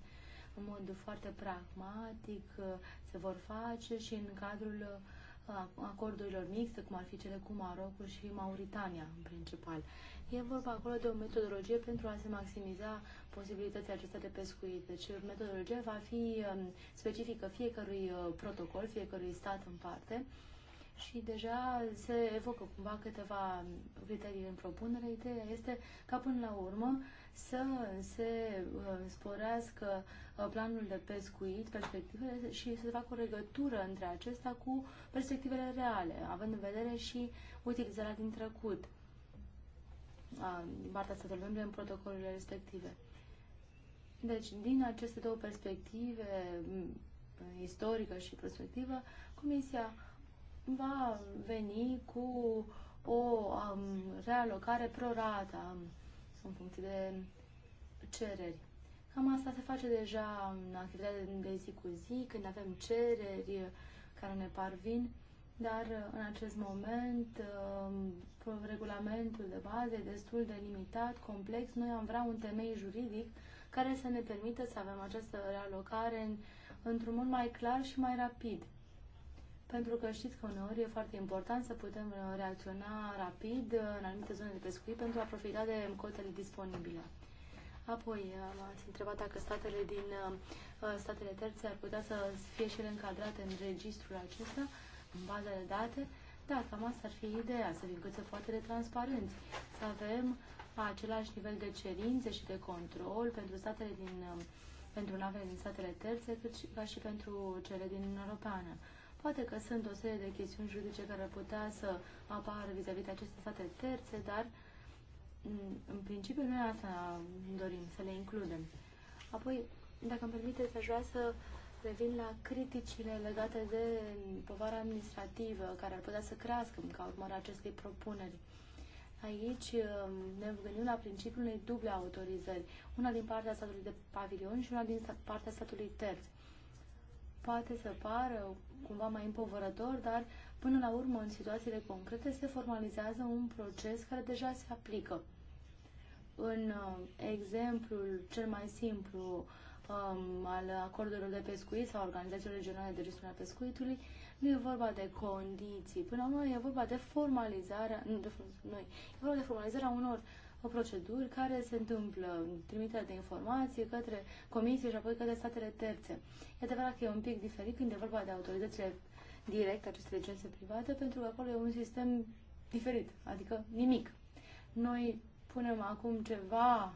În mod foarte pragmatic uh, se vor face și în cadrul uh, acordurilor mixte, cum ar fi cele cu Marocul și Mauritania în principal. E vorba acolo de o metodologie pentru a se maximiza posibilitatea acestea de pescuit. Deci metodologia va fi um, specifică fiecărui uh, protocol, fiecărui stat în parte și deja se evocă cumva câteva criterii în propunere. Ideea este ca până la urmă să se uh, sporească uh, planul de pescuit, perspectivele și să se facă o legătură între acesta cu perspectivele reale, având în vedere și utilizarea din trecut uh, din partea statelor membre în protocolurile respective. Deci, din aceste două perspective, mm, istorică și prospectivă, Comisia va veni cu o um, realocare prorata um, în funcție de cereri. Cam asta se face deja în activitatea de zi cu zi, când avem cereri care ne parvin, dar uh, în acest moment um, regulamentul de bază e destul de limitat, complex. Noi am vrea un temei juridic care să ne permită să avem această realocare în, într-un mod mai clar și mai rapid pentru că știți că uneori e foarte important să putem uh, reacționa rapid uh, în anumite zone de pescuit pentru a profita de cotele disponibile. Apoi, uh, m-ați întrebat dacă statele din statele terțe ar putea să fie și ele încadrate în registrul acesta, în baza de date. Da, cam asta ar fi ideea, să fim cât se poate de transparenți, să avem același nivel de cerințe și de control pentru statele din pentru navele din statele terțe, cât și, ca și pentru cele din Europeană. Poate că sunt o serie de chestiuni juridice care ar putea să apară vis-a-vis de aceste state terțe, dar mm, în principiu noi asta dorim, să le includem. Apoi, dacă îmi permiteți, aș vrea să revin la criticile legate de povara administrativă care ar putea să crească ca urmare acestei propuneri. Aici mm, ne gândim la principiul unei duble autorizări, una din partea statului de pavilion și una din partea statului terț poate să pară cumva mai împovărător, dar până la urmă, în situațiile concrete, se formalizează un proces care deja se aplică. În uh, exemplul cel mai simplu um, al acordurilor de pescuit sau organizațiilor regionale de gestiune a pescuitului, nu e vorba de condiții. Până la urmă, e vorba de formalizarea, nu, de, nu, e vorba de formalizarea unor uh, o proceduri care se întâmplă, trimiterea de informații către comisie și apoi către statele terțe. E adevărat că e un pic diferit când e vorba de autoritățile direct aceste licențe private, pentru că acolo e un sistem diferit, adică nimic. Noi punem acum ceva,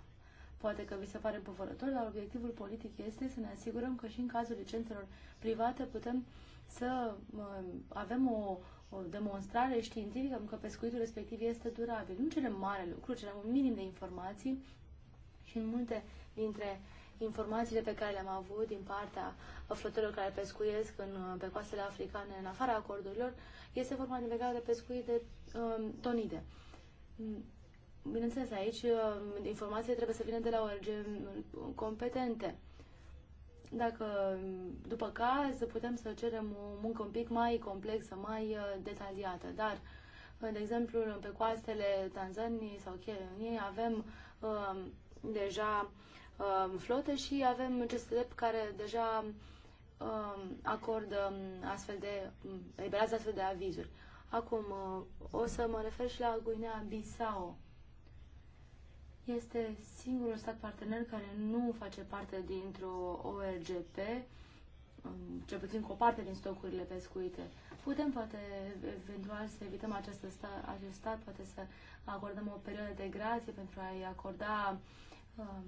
poate că vi se pare împovărător, dar obiectivul politic este să ne asigurăm că și în cazul licențelor private putem să uh, avem o o demonstrare științifică că pescuitul respectiv este durabil. Nu cerem mare lucru, cerem un minim de informații și în multe dintre informațiile pe care le-am avut din partea flotelor care pescuiesc în, pe coastele africane, în afara acordurilor, este vorba de legare de pescuit de um, tonide. Bineînțeles, aici um, informațiile trebuie să vină de la ONG um, competente dacă, după caz, putem să cerem o muncă un pic mai complexă, mai uh, detaliată. Dar, uh, de exemplu, pe coastele Tanzaniei sau Cheloniei avem uh, deja uh, flote și avem CSDP care deja uh, acordă um, astfel de, um, eliberează astfel de avizuri. Acum, uh, o să mă refer și la Guinea Bissau. Este singurul stat partener care nu face parte dintr-o ORGP, um, cel puțin cu o parte din stocurile pescuite. Putem poate eventual să evităm acest stat, acest stat poate să acordăm o perioadă de grație pentru a-i acorda um,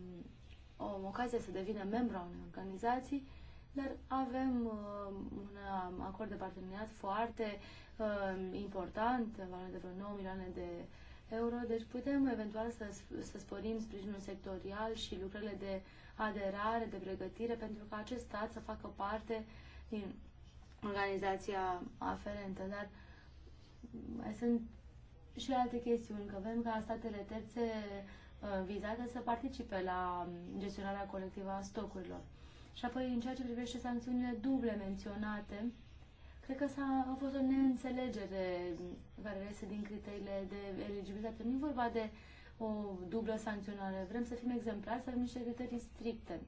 o ocazie să devină membru al unei organizații, dar avem uh, un acord de parteneriat foarte uh, important, valoare de vreo 9 milioane de euro, deci putem eventual să, să sporim sprijinul sectorial și lucrările de aderare, de pregătire, pentru ca acest stat să facă parte din organizația aferentă. Dar mai sunt și alte chestiuni, că vrem ca statele terțe uh, vizate să participe la gestionarea colectivă a stocurilor. Și apoi, în ceea ce privește sancțiunile duble menționate, Cred că s-a, a fost o neînțelegere care reiese din criteriile de eligibilitate. Nu e vorba de o dublă sancționare. Vrem să fim exemplari, să avem niște criterii stricte.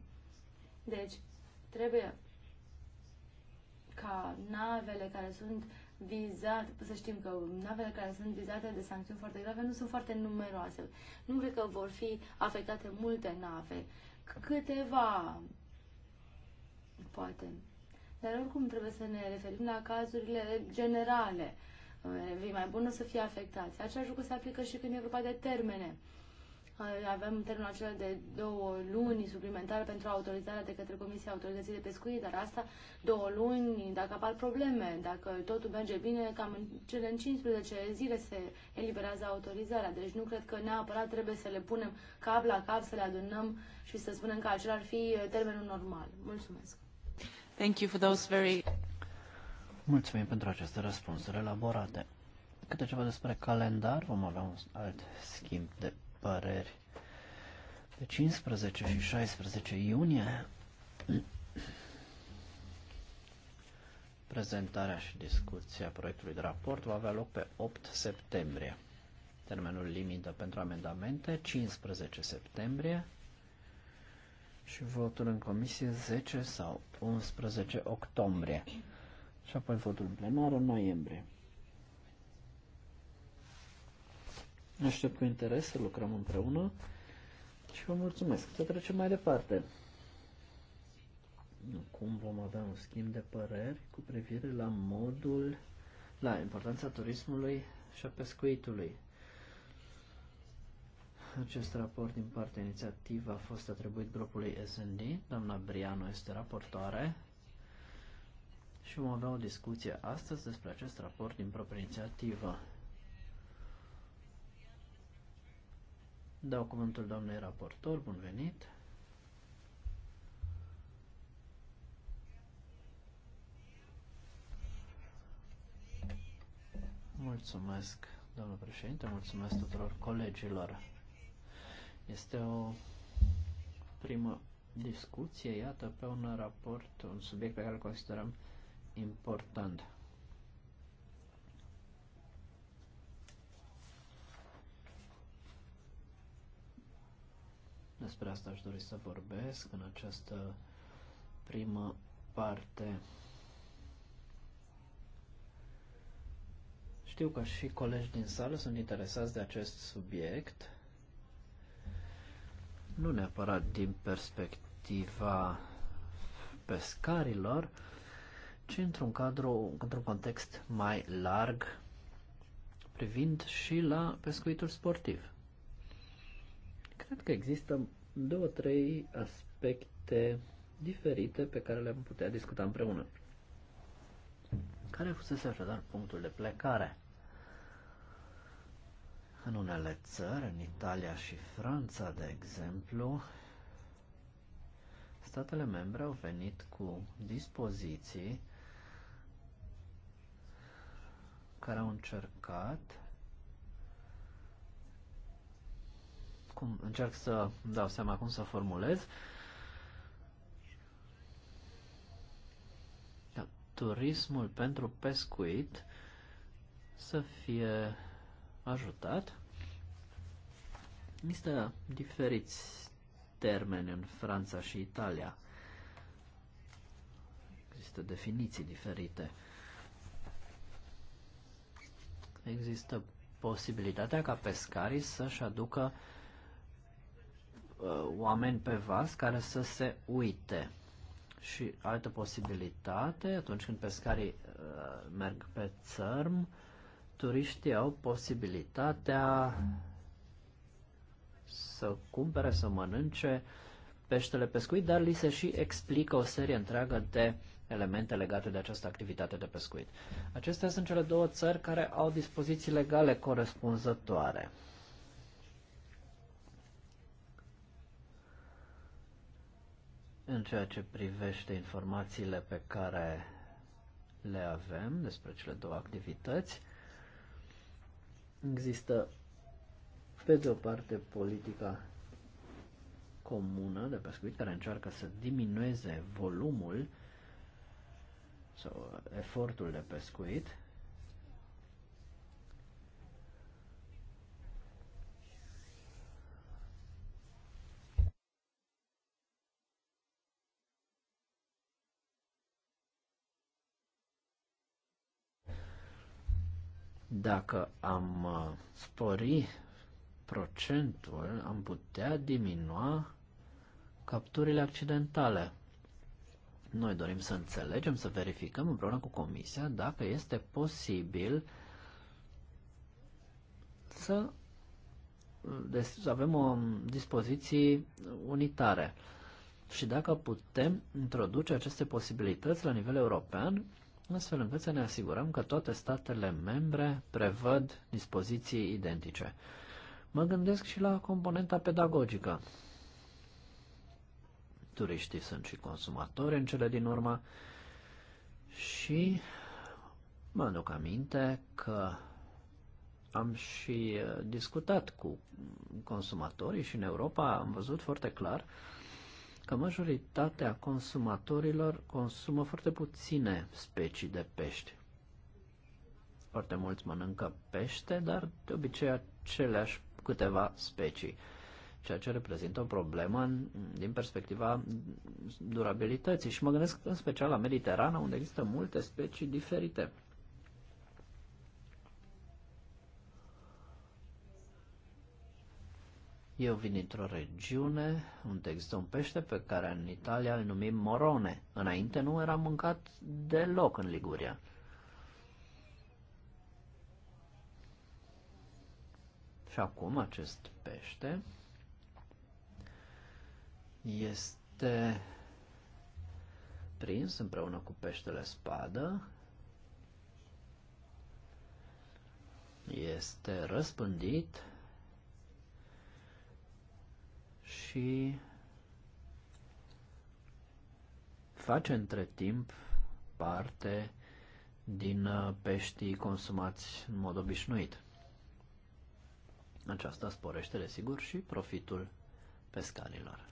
Deci, trebuie ca navele care sunt vizate, să știm că navele care sunt vizate de sancțiuni foarte grave nu sunt foarte numeroase. Nu cred că vor fi afectate multe nave, câteva, poate. Dar oricum trebuie să ne referim la cazurile generale. Eh, e mai bună să fie afectați. Același lucru se aplică și când e vorba de termene. Eh, avem termenul acela de două luni suplimentare pentru autorizarea de către Comisia Autorității de Pescuit, dar asta două luni, dacă apar probleme, dacă totul merge bine, cam în cele în 15 zile se eliberează autorizarea. Deci nu cred că neapărat trebuie să le punem cap la cap, să le adunăm și să spunem că acela ar fi termenul normal. Mulțumesc! Thank you for those very... Mulțumim pentru aceste răspunsuri elaborate. Câte ceva despre calendar, vom avea un alt schimb de păreri pe 15 și 16 iunie. Prezentarea și discuția proiectului de raport va avea loc pe 8 septembrie. Termenul limită pentru amendamente 15 septembrie și votul în comisie 10 sau 11 octombrie și apoi votul în plenar în noiembrie. Aștept cu interes să lucrăm împreună și vă mulțumesc. Să trecem mai departe. Cum vom avea un schimb de păreri cu privire la modul, la importanța turismului și a pescuitului. Acest raport din partea inițiativă a fost atribuit grupului SND. Doamna Brianu este raportoare și vom avea o discuție astăzi despre acest raport din propria inițiativă. Dau cuvântul doamnei raportor, bun venit. Mulțumesc, domnul președinte, mulțumesc tuturor colegilor. Este o primă discuție, iată, pe un raport, un subiect pe care îl considerăm important. Despre asta aș dori să vorbesc în această primă parte. Știu că și colegi din sală sunt interesați de acest subiect nu neapărat din perspectiva pescarilor, ci într-un cadru, într-un context mai larg, privind și la pescuitul sportiv. Cred că există două, trei aspecte diferite pe care le-am putea discuta împreună. Care fusese așadar punctul de plecare? În unele țări, în Italia și Franța, de exemplu, statele membre au venit cu dispoziții care au încercat cum încerc să dau seama cum să formulez da, turismul pentru pescuit să fie ajutat Există diferiți termeni în Franța și Italia. Există definiții diferite. Există posibilitatea ca pescarii să-și aducă uh, oameni pe vas care să se uite. Și altă posibilitate, atunci când pescarii uh, merg pe țărm, turiștii au posibilitatea să cumpere, să mănânce peștele pescuit, dar li se și explică o serie întreagă de elemente legate de această activitate de pescuit. Acestea sunt cele două țări care au dispoziții legale corespunzătoare. În ceea ce privește informațiile pe care le avem despre cele două activități, există pe de o parte, politica comună de pescuit care încearcă să diminueze volumul sau efortul de pescuit dacă am uh, spori procentul, am putea diminua capturile accidentale. Noi dorim să înțelegem, să verificăm împreună cu Comisia dacă este posibil să, să avem o dispoziții unitare și dacă putem introduce aceste posibilități la nivel european, astfel încât să ne asigurăm că toate statele membre prevăd dispoziții identice. Mă gândesc și la componenta pedagogică. Turiștii sunt și consumatori în cele din urmă și mă aduc aminte că am și uh, discutat cu consumatorii și în Europa am văzut foarte clar că majoritatea consumatorilor consumă foarte puține specii de pești. Foarte mulți mănâncă pește, dar de obicei aceleași câteva specii, ceea ce reprezintă o problemă în, din perspectiva durabilității. Și mă gândesc în special la Mediterana, unde există multe specii diferite. Eu vin dintr-o regiune unde există un pește pe care în Italia îl numim morone. Înainte nu era mâncat deloc în Liguria. Și acum acest pește este prins împreună cu peștele spadă, este răspândit și face între timp parte din uh, peștii consumați în mod obișnuit. Aceasta sporește, desigur, și profitul pescarilor.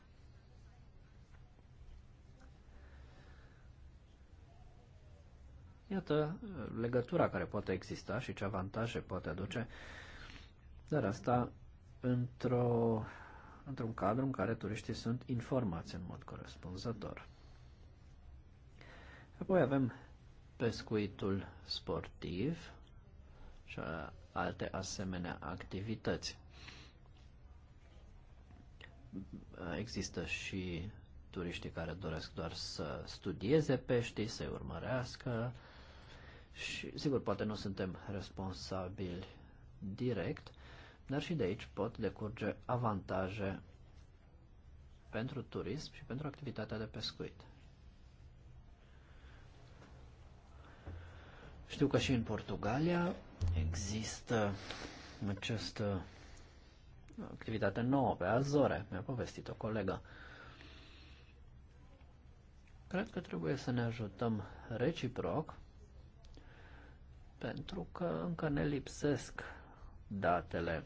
Iată legătura care poate exista și ce avantaje poate aduce, dar asta într-o, într-un cadru în care turiștii sunt informați în mod corespunzător. Apoi avem pescuitul sportiv și alte asemenea activități. Există și turiștii care doresc doar să studieze peștii, să-i urmărească și, sigur, poate nu suntem responsabili direct, dar și de aici pot decurge avantaje pentru turism și pentru activitatea de pescuit. Știu că și în Portugalia Există această activitate nouă pe Azore, mi-a povestit o colegă. Cred că trebuie să ne ajutăm reciproc pentru că încă ne lipsesc datele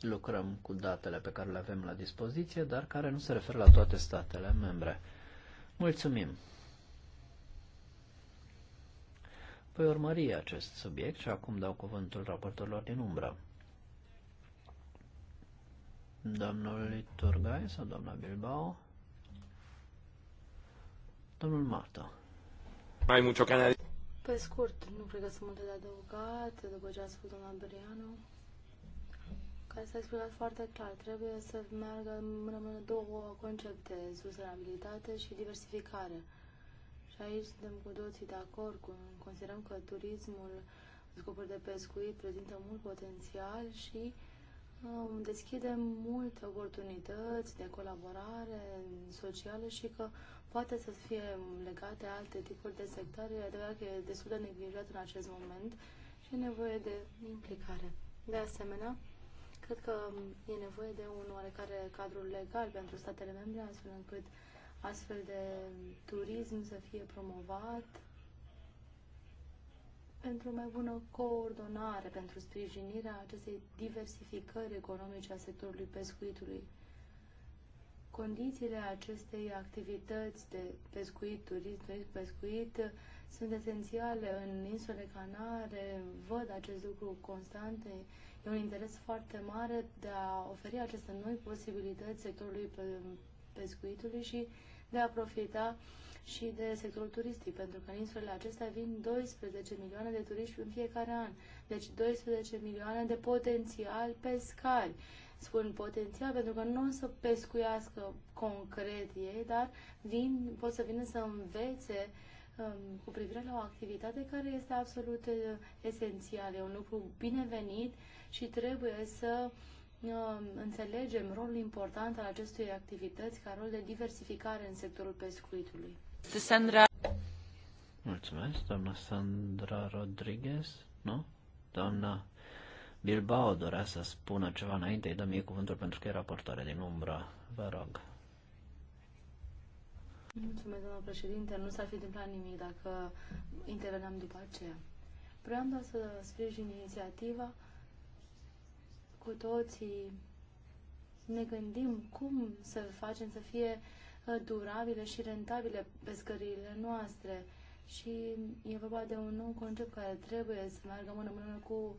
lucrăm cu datele pe care le avem la dispoziție, dar care nu se referă la toate statele membre. Mulțumim! Voi urmări acest subiect și acum dau cuvântul raportorilor din umbră. Domnul Liturgai sau doamna Bilbao? Domnul Marta. Mai mult o Pe scurt, nu cred că sunt multe de adăugat după ce a spus doamna Berianu ca să a foarte clar. Trebuie să meargă mână mână două concepte, sustenabilitate și diversificare. Și aici suntem cu toții de acord, cu, considerăm că turismul scopuri de pescuit prezintă mult potențial și um, deschide multe oportunități de colaborare socială și că poate să fie legate alte tipuri de sectoare, adevărat că e destul de neglijat în acest moment și e nevoie de implicare. De asemenea, Cred că e nevoie de un oarecare cadru legal pentru statele membre, astfel încât astfel de turism să fie promovat pentru mai bună coordonare, pentru sprijinirea acestei diversificări economice a sectorului pescuitului. Condițiile acestei activități de pescuit, turism, turism, pescuit sunt esențiale în insule Canare, văd acest lucru constant, E un interes foarte mare de a oferi aceste noi posibilități sectorului pescuitului și de a profita și de sectorul turistic, pentru că în insulele acestea vin 12 milioane de turiști în fiecare an, deci 12 milioane de potențial pescari. Spun potențial pentru că nu o să pescuiască concret ei, dar vin, pot să vină să învețe um, cu privire la o activitate care este absolut uh, esențială. E un lucru binevenit și trebuie să uh, înțelegem rolul important al acestui activități ca rol de diversificare în sectorul pescuitului. Sandra. Mulțumesc, doamna Sandra Rodriguez, nu? Doamna Bilbao dorea să spună ceva înainte, îi dăm ei cuvântul pentru că e raportoare din umbra. Vă rog. Mulțumesc, doamna președinte. Nu s-ar fi întâmplat nimic dacă interveneam după aceea. Vreau doar să sprijin inițiativa cu toții ne gândim cum să facem să fie uh, durabile și rentabile pescăriile noastre. Și e vorba de un nou concept care trebuie să meargă mână-mână cu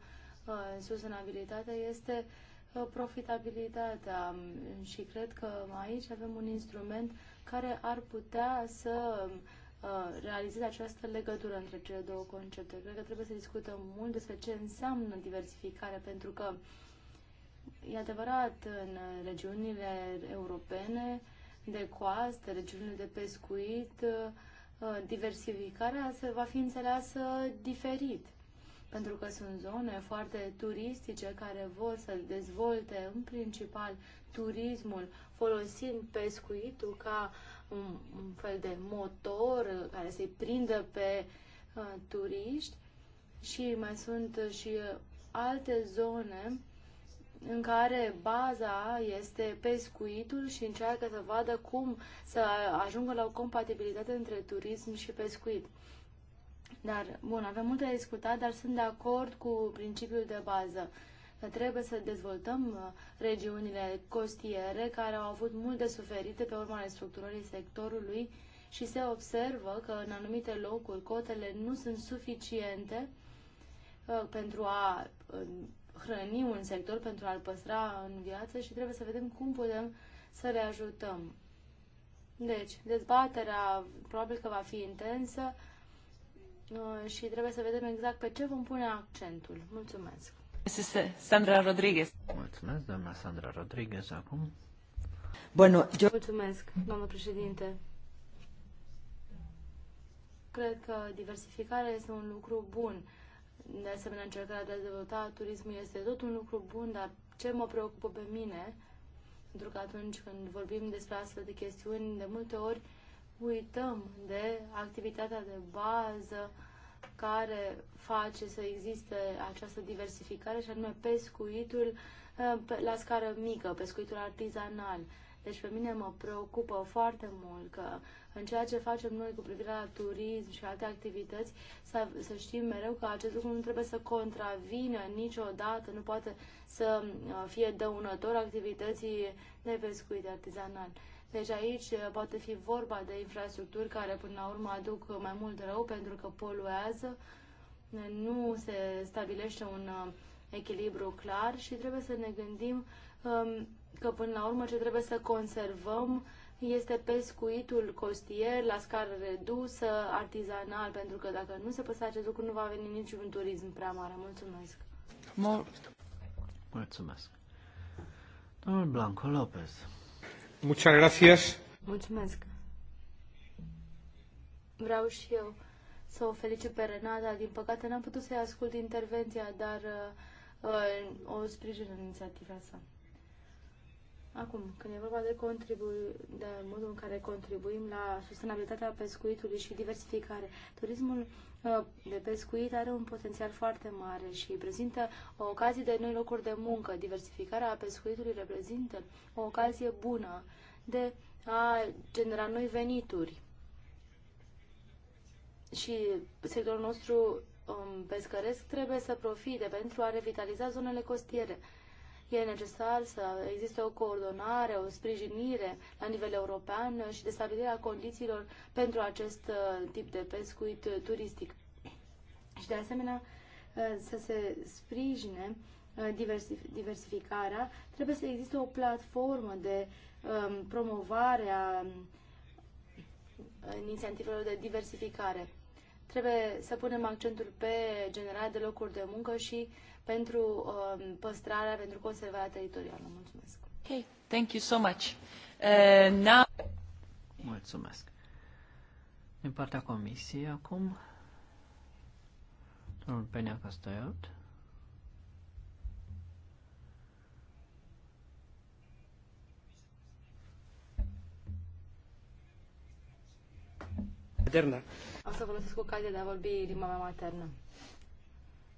uh, sustenabilitatea, este uh, profitabilitatea. Și cred că aici avem un instrument care ar putea să uh, realizeze această legătură între cele două concepte. Cred că trebuie să discutăm mult despre ce înseamnă diversificare, pentru că uh, E adevărat, în regiunile europene de coastă, regiunile de pescuit, uh, diversificarea se va fi înțeleasă diferit. Pentru că sunt zone foarte turistice care vor să dezvolte în principal turismul, folosind pescuitul ca un, un fel de motor uh, care să-i prindă pe uh, turiști și mai sunt și uh, alte zone în care baza este pescuitul și încearcă să vadă cum să ajungă la o compatibilitate între turism și pescuit. Dar, bun, avem multe de discutat, dar sunt de acord cu principiul de bază. Că trebuie să dezvoltăm uh, regiunile costiere care au avut mult de suferite pe urma restructurării sectorului și se observă că în anumite locuri cotele nu sunt suficiente uh, pentru a uh, hrăni un sector, pentru a-l păstra în viață și trebuie să vedem cum putem să le ajutăm. Deci, dezbaterea probabil că va fi intensă uh, și trebuie să vedem exact pe ce vom pune accentul. Mulțumesc! Sandra Rodriguez. Mulțumesc, doamna Sandra Rodriguez, acum. Bueno, yo... Mulțumesc, doamnă președinte. Cred că diversificarea este un lucru bun de asemenea încercarea de a dezvolta turismul este tot un lucru bun, dar ce mă preocupă pe mine, pentru că atunci când vorbim despre astfel de chestiuni, de multe ori uităm de activitatea de bază care face să existe această diversificare și anume pescuitul eh, la scară mică, pescuitul artizanal. Deci pe mine mă preocupă foarte mult că în ceea ce facem noi cu privire la turism și alte activități, să, să știm mereu că acest lucru nu trebuie să contravină niciodată, nu poate să uh, fie dăunător activității de pescuit artizanal. Deci aici uh, poate fi vorba de infrastructuri care până la urmă aduc mai mult rău pentru că poluează, nu se stabilește un uh, echilibru clar și trebuie să ne gândim um, că până la urmă ce trebuie să conservăm este pescuitul costier la scară redusă, artizanal, pentru că dacă nu se păsă acest lucru, nu va veni niciun turism prea mare. Mulțumesc! Mulțumesc! Domnul Blanco Lopez. Muchas gracias. Mulțumesc! Vreau și eu să o felicit pe Renata. Din păcate n-am putut să-i ascult intervenția, dar uh, uh o sprijin în inițiativa sa. Acum, când e vorba de, contribu- de modul în care contribuim la sustenabilitatea pescuitului și diversificare, turismul uh, de pescuit are un potențial foarte mare și prezintă o ocazie de noi locuri de muncă. Diversificarea pescuitului reprezintă o ocazie bună de a genera noi venituri. Și sectorul nostru um, pescăresc trebuie să profite pentru a revitaliza zonele costiere. E necesar să existe o coordonare, o sprijinire la nivel european și de stabilirea condițiilor pentru acest uh, tip de pescuit turistic. Și de asemenea uh, să se sprijine uh, diversificarea, trebuie să existe o platformă de um, promovare a inițiativelor de diversificare. Trebuie să punem accentul pe generarea de locuri de muncă și pentru uh, păstrarea, pentru conservarea teritorială. Mulțumesc. Ok, thank you so much. Uh, now... Mulțumesc. Din partea comisiei acum, domnul Penia Castaiot. Maternă. O să folosesc ocazia de a vorbi limba mea maternă.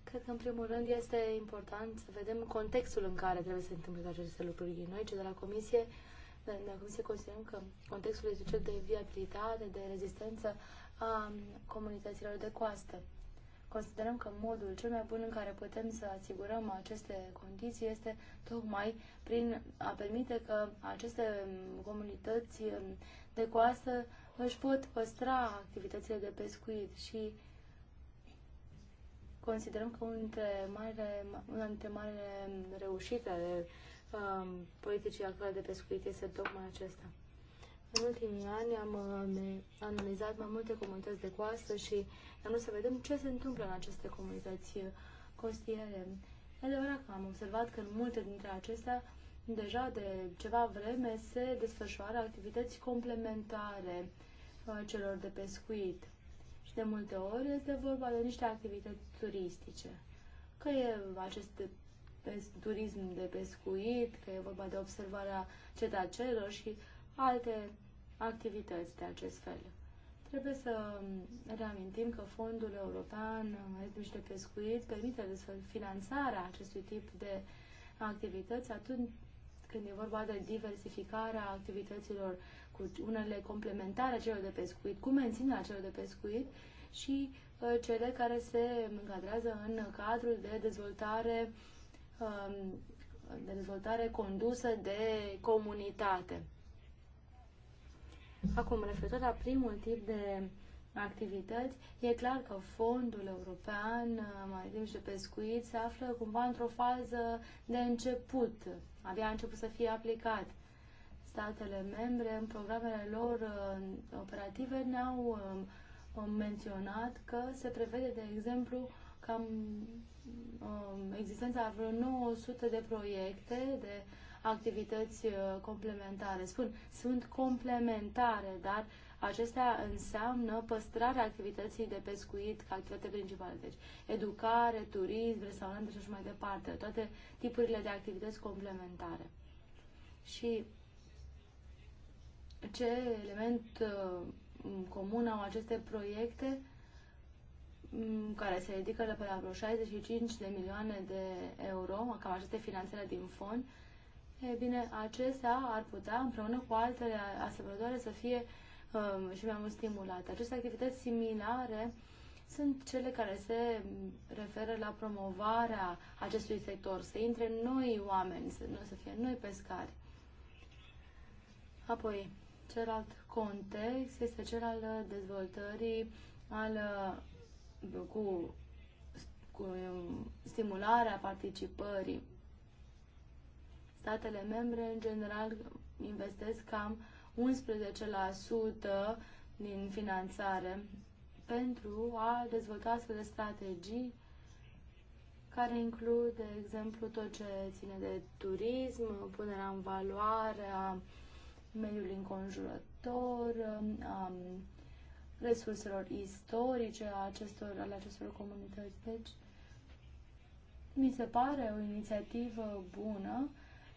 Cred că, în primul rând, este important să vedem contextul în care trebuie să se întâmple aceste lucruri. Noi, cei de la Comisie, de la Comisie considerăm că contextul este cel de viabilitate, de rezistență a comunităților de coastă. Considerăm că modul cel mai bun în care putem să asigurăm aceste condiții este tocmai prin a permite că aceste comunități de coastă își pot păstra activitățile de pescuit și considerăm că unul dintre marele, una dintre marele reușite ale um, politicii actuale de pescuit este tocmai acesta. În ultimii ani am uh, analizat mai multe comunități de coastă și am vrut să vedem ce se întâmplă în aceste comunități uh, costiere. Adevărat că am observat că în multe dintre acestea deja de ceva vreme se desfășoară activități complementare uh, celor de pescuit. Și de multe ori este vorba de niște activități turistice. Că e acest turism de pescuit, că e vorba de observarea cetacelor și alte activități de acest fel. Trebuie să um, reamintim că Fondul European Etnici de Pescuit permite finanțarea acestui tip de activități atunci când e vorba de diversificarea activităților cu unele complementare a celor de pescuit, cu menținerea celor de pescuit și Uh, cele care se încadrează în cadrul de dezvoltare, um, de dezvoltare condusă de comunitate. Acum, referitor la primul tip de activități, e clar că fondul european uh, maritim și de pescuit se află cumva într-o fază de început. Abia a început să fie aplicat. Statele membre, în programele lor uh, operative, ne-au uh, menționat că se prevede, de exemplu, cam um, existența a vreo 900 de proiecte, de activități uh, complementare. Spun, sunt complementare, dar acestea înseamnă păstrarea activității de pescuit ca activitate principală. Deci educare, turism, restaurante și așa mai departe. Toate tipurile de activități complementare. Și ce element uh, comun au aceste proiecte mm, care se ridică de pe la vreo 65 de milioane de euro, cam aceste finanțele din fond, e bine, acestea ar putea, împreună cu altele asemănătoare, să fie um, și mai mult stimulate. Aceste activități similare sunt cele care se referă la promovarea acestui sector, să intre noi oameni, să, să fie noi pescari. Apoi, cel alt context este cel al dezvoltării al, cu, cu stimularea participării. Statele membre, în general, investesc cam 11% din finanțare pentru a dezvolta astfel de strategii care includ, de exemplu, tot ce ține de turism, punerea în valoare a mediul înconjurător, um, resurselor istorice ale acestor, ale acestor comunități. Deci, mi se pare o inițiativă bună,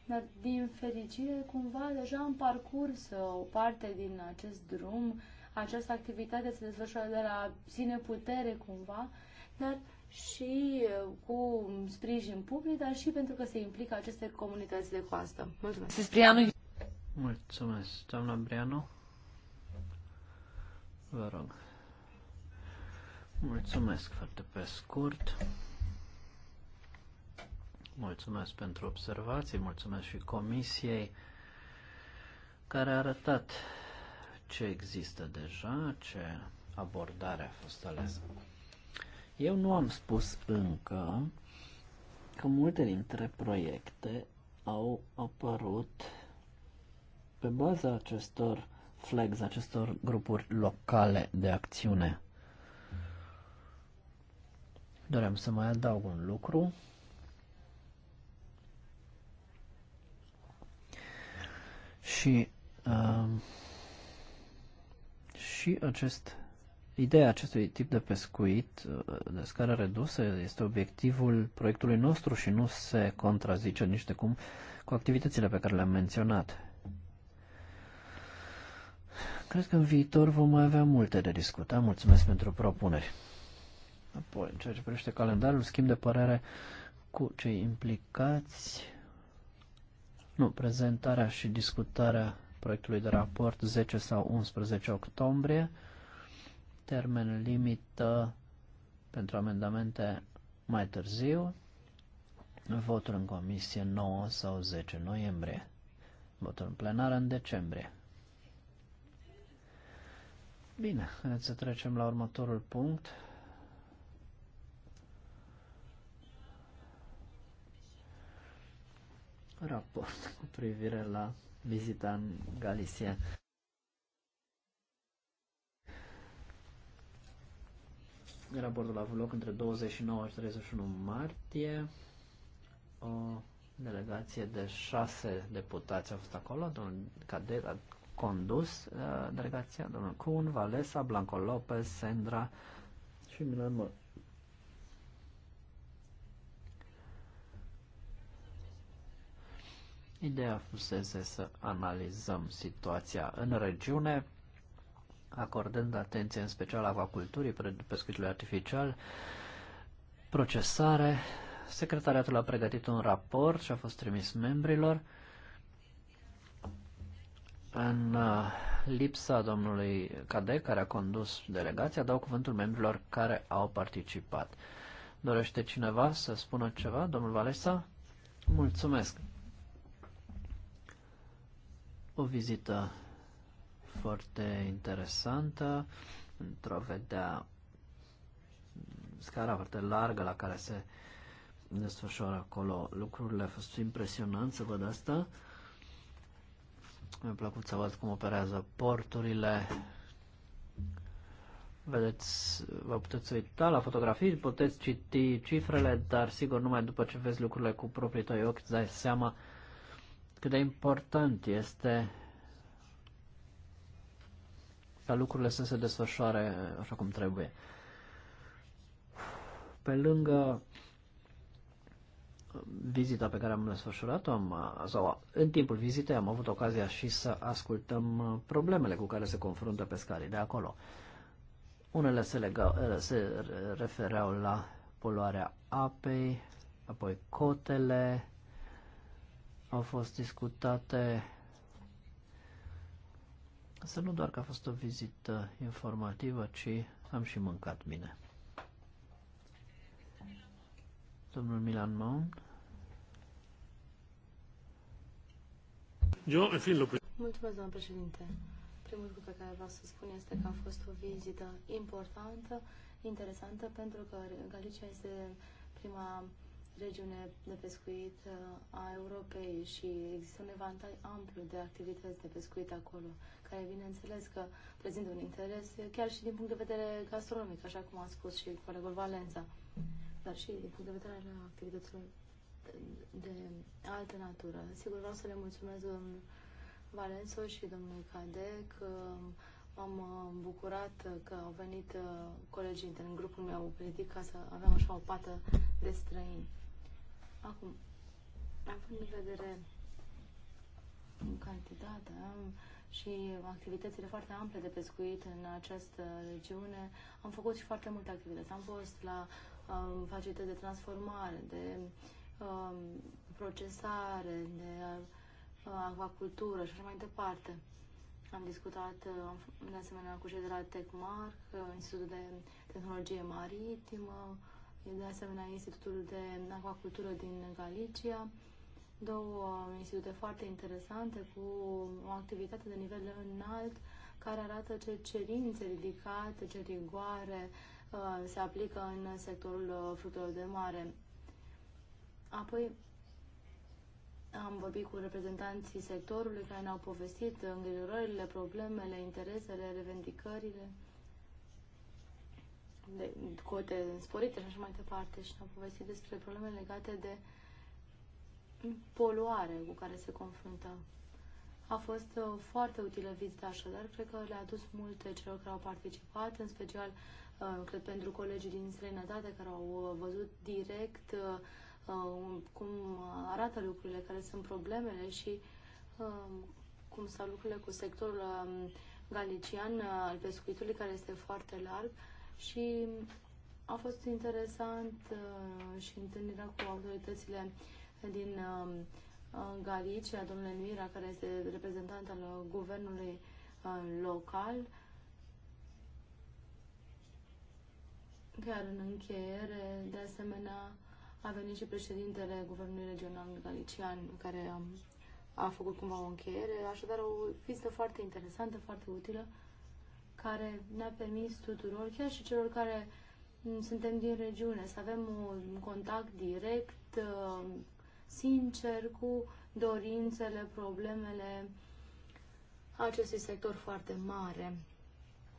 dar din fericire cumva deja am parcurs uh, o parte din acest drum, această activitate se desfășoară de la sine putere cumva, dar și uh, cu sprijin public, dar și pentru că se implică aceste comunități de coastă. Mulțumesc! Mulțumesc, doamna Breanu. Vă rog. Mulțumesc foarte pe scurt. Mulțumesc pentru observații, mulțumesc și comisiei care a arătat ce există deja, ce abordare a fost alesă. Eu nu am spus încă că multe dintre proiecte au apărut pe baza acestor flags, acestor grupuri locale de acțiune. Doream să mai adaug un lucru. Și, uh, și acest, ideea acestui tip de pescuit uh, de scară redusă este obiectivul proiectului nostru și nu se contrazice nici de cum cu activitățile pe care le-am menționat. Cred că în viitor vom mai avea multe de discutat. Mulțumesc pentru propuneri. Apoi, în ceea ce privește calendarul, schimb de părere cu cei implicați. Nu, prezentarea și discutarea proiectului de raport 10 sau 11 octombrie. Termen limită pentru amendamente mai târziu. Votul în comisie 9 sau 10 noiembrie. Votul în plenară în decembrie. Bine, haideți să trecem la următorul punct. Raport cu privire la vizita în Galicia. Raportul a avut loc între 29 și 31 martie. O delegație de șase deputați a fost acolo, domnul Cadet, condus uh, delegația domnul Kuhn, Valesa, Blanco Lopez, Sandra și Milan Mă. Ideea fusese să analizăm situația în regiune, acordând atenție în special avaculturii, pescuitului artificial, procesare. Secretariatul a pregătit un raport și a fost trimis membrilor. În uh, lipsa domnului Cade, care a condus delegația, dau cuvântul membrilor care au participat. Dorește cineva să spună ceva? Domnul Valesa? Mulțumesc! O vizită foarte interesantă, într-o vedea scara foarte largă la care se desfășoară acolo lucrurile. A fost impresionant să văd asta. Mi-a plăcut să văd cum operează porturile. Vedeți, vă puteți uita la fotografii, puteți citi cifrele, dar sigur numai după ce vezi lucrurile cu proprii tăi ochi îți dai seama cât de important este ca lucrurile să se desfășoare așa cum trebuie. Pe lângă vizita pe care am desfășurat-o, am, sau în timpul vizitei am avut ocazia și să ascultăm uh, problemele cu care se confruntă pescarii de acolo. Unele se, legau, se refereau la poluarea apei, apoi cotele au fost discutate. Să nu doar că a fost o vizită informativă, ci am și mâncat bine. Domnul Milan Maun. Eu, în fin, Mulțumesc, doamnă președinte. Primul lucru pe care vreau să spun este că a fost o vizită importantă, interesantă, pentru că Galicia este prima regiune de pescuit uh, a Europei și există un evantai amplu de activități de pescuit acolo, care bineînțeles că prezintă un interes chiar și din punct de vedere gastronomic, așa cum a spus și colegul Valența dar și din punct de vedere al activităților de altă natură. Sigur, vreau să le mulțumesc domnul Valenso și domnului că M-am uh, bucurat că au venit uh, colegii din grupul meu politic ca să avem așa o pată de străini. Acum, având în vedere cantitatea, și activitățile foarte ample de pescuit în această regiune. Am făcut și foarte multe activități. Am fost la um, facilități de transformare, de um, procesare, de uh, acvacultură și așa mai departe. Am discutat uh, de asemenea cu cei de la Techmark, uh, Institutul de Tehnologie Maritimă, de asemenea Institutul de Acvacultură din Galicia, două institute foarte interesante cu o activitate de nivel înalt care arată ce cerințe ridicate, ce rigoare uh, Uh, se aplică în sectorul uh, fructelor de mare. Apoi am vorbit cu reprezentanții sectorului care ne-au povestit îngrijorările, problemele, interesele, revendicările de cote sporite și așa mai departe și ne-au povestit despre probleme legate de poluare cu care se confruntă. A fost uh, foarte utilă vizita așadar, cred că le-a adus multe celor care au participat, în special cred uh, pentru colegii din străinătate care au uh, văzut direct uh, cum arată lucrurile, care sunt problemele și cum stau lucrurile cu sectorul um, galician al pescuitului, care este foarte larg și a fost interesant și întâlnirea cu autoritățile din um, Galicia, domnul Mira, care este reprezentant al guvernului local Chiar în încheiere, de asemenea, a venit și președintele Guvernului Regional Galician, care um, a făcut cumva o încheiere, așadar o vizită foarte interesantă, foarte utilă, care ne-a permis tuturor, chiar și celor care mm, suntem din regiune, să avem un contact direct, um, sincer, cu dorințele, problemele acestui sector foarte mare.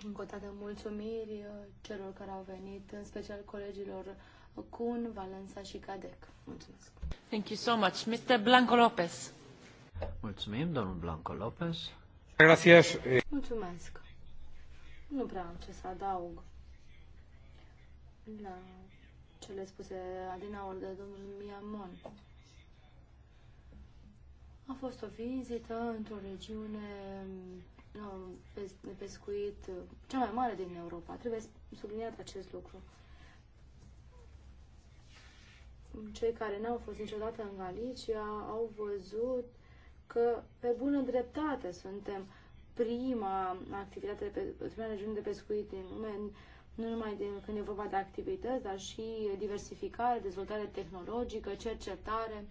Încă o dată mulțumiri uh, celor care au venit, în special colegilor Kun, Valența și Cadec. Mulțumesc. Thank you so much. Mr. Blanco Lopez. Mulțumim, domnul Blanco Lopez. Gracias. Mulțumesc. Nu prea am ce să adaug la cele spuse adinaur de domnul Miamon. A fost o vizită într-o regiune de pescuit uh, cea mai mare din Europa. Trebuie subliniat acest lucru. Cei care n-au fost niciodată în Galicia au văzut că pe bună dreptate suntem prima activitate, prima regiune de pescuit din lume, nu numai de, când e vorba de activități, dar și diversificare, dezvoltare tehnologică, cercetare.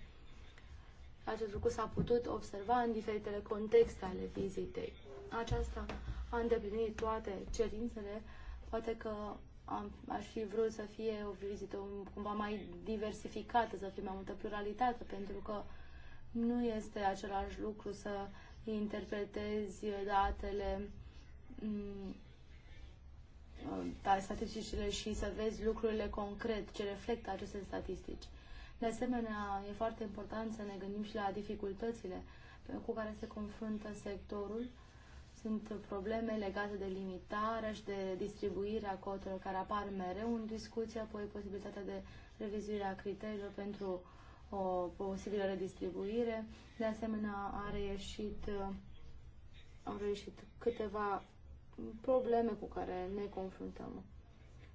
Acest lucru s-a putut observa în diferitele contexte ale vizitei aceasta a îndeplinit toate cerințele. Poate că am, aș fi vrut să fie o vizită cumva mai diversificată, să fie mai multă pluralitate, pentru că nu este același lucru să interpretezi datele mm, da, statisticile și să vezi lucrurile concret ce reflectă aceste statistici. De asemenea, e foarte important să ne gândim și la dificultățile cu care se confruntă sectorul sunt probleme legate de limitarea și de distribuirea cotelor care apar mereu în discuție, apoi posibilitatea de revizuire a criteriilor pentru o posibilă redistribuire. De asemenea, a reieșit, au reieșit câteva probleme cu care ne confruntăm.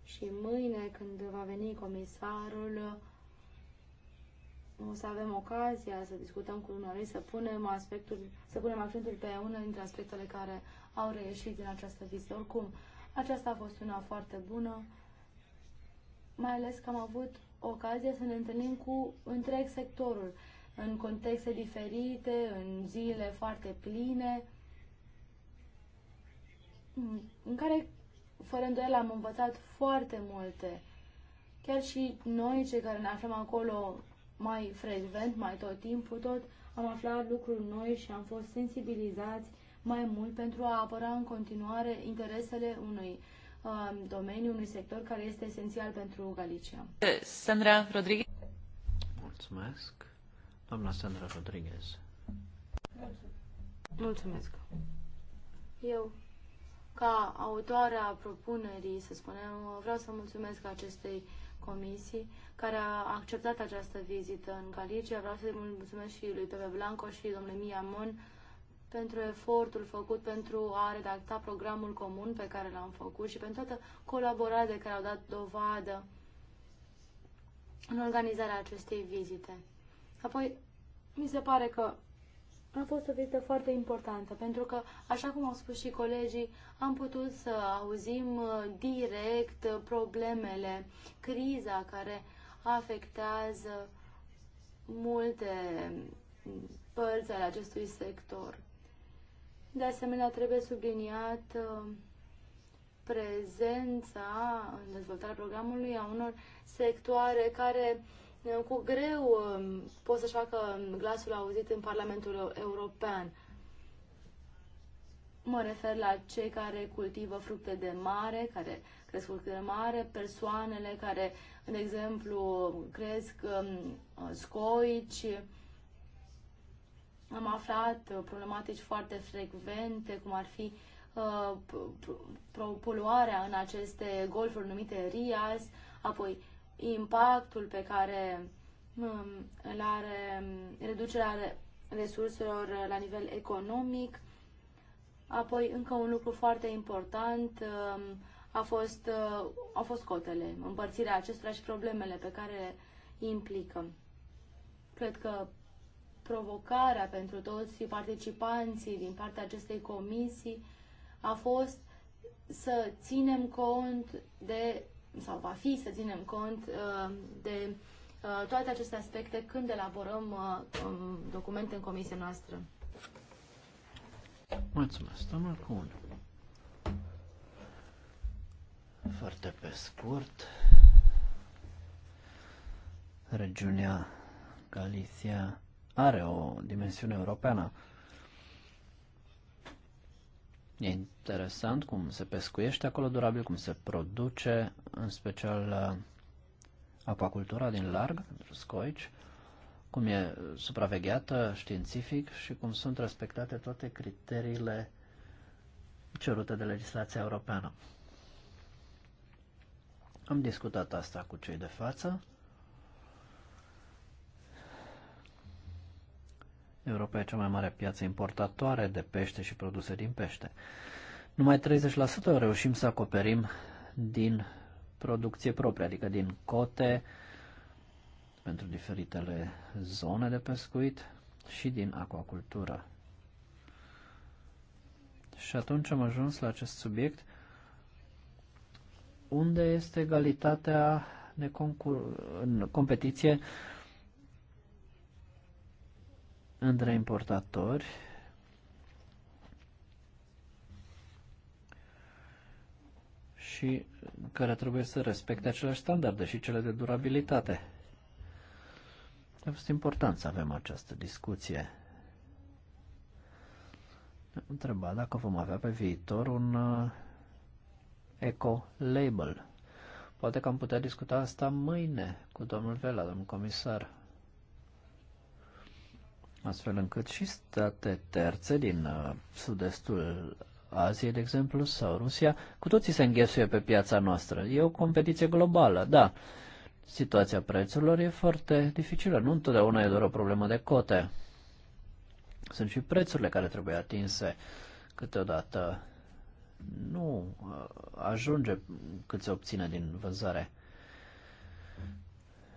Și mâine, când va veni comisarul, o să avem ocazia să discutăm cu dumneavoastră, să punem aspectul, să punem accentul pe unul dintre aspectele care au reieșit din această vizită. Oricum, aceasta a fost una foarte bună, mai ales că am avut ocazia să ne întâlnim cu întreg sectorul, în contexte diferite, în zile foarte pline, în care, fără îndoială, am învățat foarte multe. Chiar și noi, cei care ne aflăm acolo mai frecvent, mai tot timpul, tot am aflat lucruri noi și am fost sensibilizați mai mult pentru a apăra în continuare interesele unui uh, domeniu, unui sector care este esențial pentru Galicia. Sandra Rodriguez. Mulțumesc. Doamna Sandra Rodriguez. Mulțumesc. Mulțumesc. Eu, ca autoarea a propunerii, să spunem, vreau să mulțumesc acestei uh, comisii care a acceptat această vizită în Galicia. Vreau să-i mulțumesc și lui Pepe Blanco și domnului Mon pentru efortul făcut pentru a redacta programul comun pe care l-am făcut și pentru toată colaborarea de care au dat dovadă în organizarea acestei vizite. Apoi, mi se pare că a fost o vizită foarte importantă, pentru că, așa cum au spus și colegii, am putut să auzim uh, direct uh, problemele, criza care afectează multe mm, părți ale acestui sector. De asemenea, trebuie subliniat uh, prezența în dezvoltarea programului a unor sectoare care Eh, cu greu um, pot să-și facă um, glasul auzit în Parlamentul European. Mă refer la cei care cultivă fructe de mare, care cresc fructe de mare, persoanele care, de exemplu, cresc um, scoici. Am aflat uh, problematici foarte frecvente, cum ar fi uh, poluarea în aceste golfuri numite RIAS, apoi impactul pe care um, îl are um, reducerea resurselor la nivel economic. Apoi, încă un lucru foarte important um, a fost, uh, au fost cotele, împărțirea acestora și problemele pe care le implică. Cred că provocarea pentru toți participanții din partea acestei comisii a fost să ținem cont de sau va fi să ținem cont uh, de uh, toate aceste aspecte când elaborăm uh, um, documente în comisia noastră. Mulțumesc, domnul Cun. Foarte pe scurt, regiunea Galicia are o dimensiune europeană E interesant cum se pescuiește acolo durabil, cum se produce, în special uh, apacultura din larg, pentru scoici, cum e supravegheată științific și cum sunt respectate toate criteriile cerute de legislația europeană. Am discutat asta cu cei de față. Europa e cea mai mare piață importatoare de pește și produse din pește. Numai 30% reușim să acoperim din producție proprie, adică din cote pentru diferitele zone de pescuit și din aquacultură. Și atunci am ajuns la acest subiect unde este egalitatea de concur- în competiție între importatori și care trebuie să respecte aceleași standarde și cele de durabilitate. A fost important să avem această discuție. Am întrebat dacă vom avea pe viitor un uh, eco-label. Poate că am putea discuta asta mâine cu domnul Vela, domnul comisar astfel încât și state terțe din uh, sud-estul Aziei, de exemplu, sau Rusia, cu toții se înghesuie pe piața noastră. E o competiție globală, da. Situația prețurilor e foarte dificilă. Nu întotdeauna e doar o problemă de cote. Sunt și prețurile care trebuie atinse câteodată. Nu uh, ajunge cât se obține din vânzare.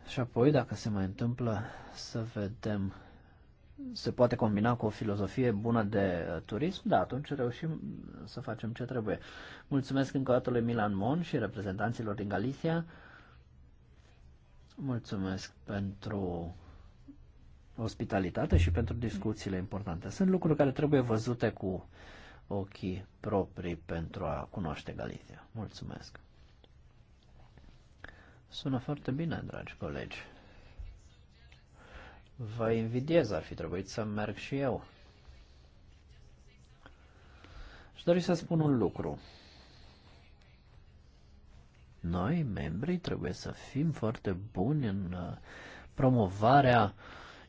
Și apoi, dacă se mai întâmplă, să vedem se poate combina cu o filozofie bună de uh, turism, da, atunci reușim uh, să facem ce trebuie. Mulțumesc încă o dată lui Milan Mon și reprezentanților din Galicia. Mulțumesc pentru ospitalitate și pentru discuțiile importante. Sunt lucruri care trebuie văzute cu ochii proprii pentru a cunoaște Galicia. Mulțumesc! Sună foarte bine, dragi colegi. Vă invidiez, ar fi trebuit să merg și eu. Și dori să spun un lucru. Noi, membrii, trebuie să fim foarte buni în uh, promovarea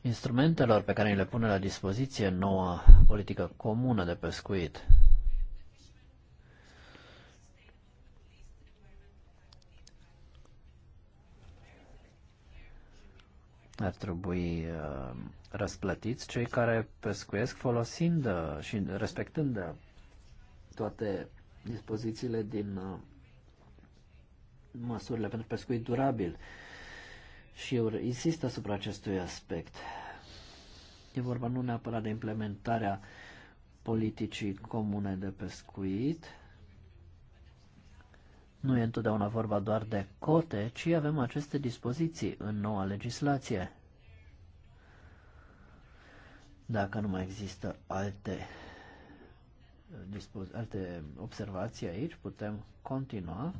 instrumentelor pe care ni le pune la dispoziție noua politică comună de pescuit. ar trebui uh, răsplătiți cei care pescuiesc folosind uh, și respectând uh, toate dispozițiile din uh, măsurile pentru pescuit durabil. Și eu insist asupra acestui aspect. E vorba nu neapărat de implementarea politicii comune de pescuit, nu e întotdeauna vorba doar de cote, ci avem aceste dispoziții în noua legislație. Dacă nu mai există alte, eh, alte observații aici, putem continua.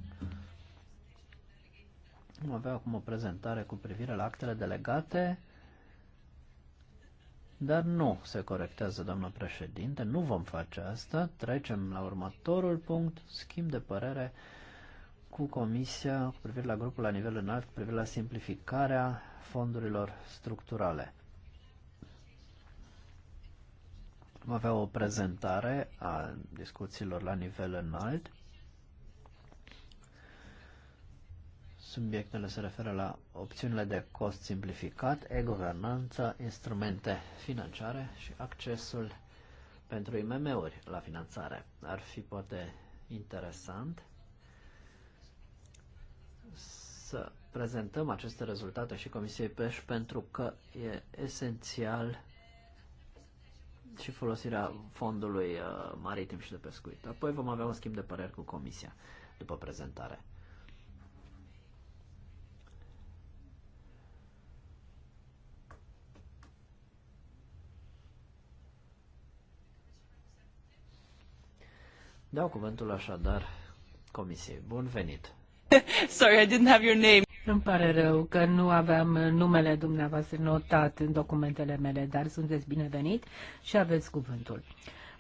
Vom avea acum o prezentare cu privire la actele delegate, dar nu se corectează, doamnă președinte, nu vom face asta. Trecem la următorul punct, schimb de părere cu Comisia cu privire la grupul la nivel înalt, cu privire la simplificarea fondurilor structurale. Vom avea o prezentare a discuțiilor la nivel înalt. Subiectele se referă la opțiunile de cost simplificat, e-guvernanță, instrumente financiare și accesul pentru IMM-uri la finanțare. Ar fi poate interesant să prezentăm aceste rezultate și Comisiei PEș pentru că e esențial și folosirea fondului uh, maritim și de pescuit. Apoi vom avea un schimb de păreri cu Comisia după prezentare. Dau cuvântul așadar Comisiei. Bun venit! Sorry, I didn't have your name. Îmi pare rău că nu aveam numele dumneavoastră notat în documentele mele, dar sunteți binevenit și aveți cuvântul.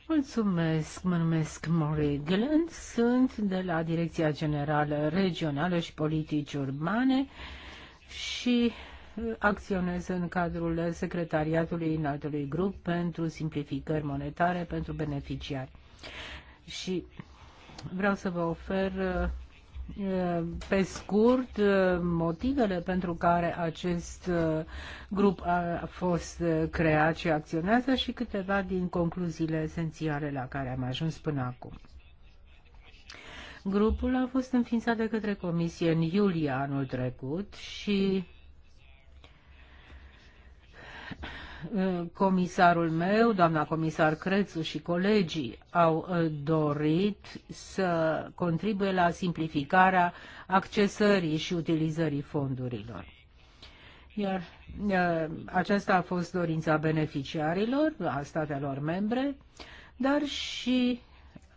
Mulțumesc, mă numesc Mori Glenn, sunt de la Direcția Generală Regională și Politici Urbane și uh, acționez în cadrul Secretariatului Înaltului Grup pentru simplificări monetare pentru beneficiari. Și vreau să vă ofer uh, Uh, pe scurt, uh, motivele pentru care acest uh, grup a fost creat și acționează și câteva din concluziile esențiale la care am ajuns până acum. Grupul a fost înființat de către Comisie în iulie anul trecut și Eh, comisarul meu, doamna comisar Crețu și colegii au eh, dorit să contribuie la simplificarea accesării și utilizării fondurilor. Iar eh, aceasta a fost dorința beneficiarilor, a statelor membre, dar și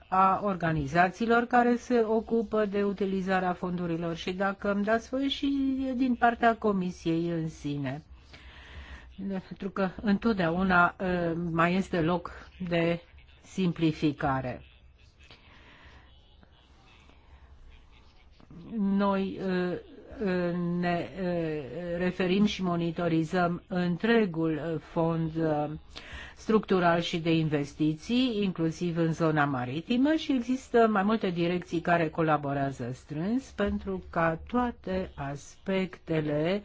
a organizațiilor care se ocupă de utilizarea fondurilor și dacă îmi dați voi și din partea comisiei în sine pentru că întotdeauna mai este loc de simplificare. Noi ne referim și monitorizăm întregul fond structural și de investiții, inclusiv în zona maritimă și există mai multe direcții care colaborează strâns pentru ca toate aspectele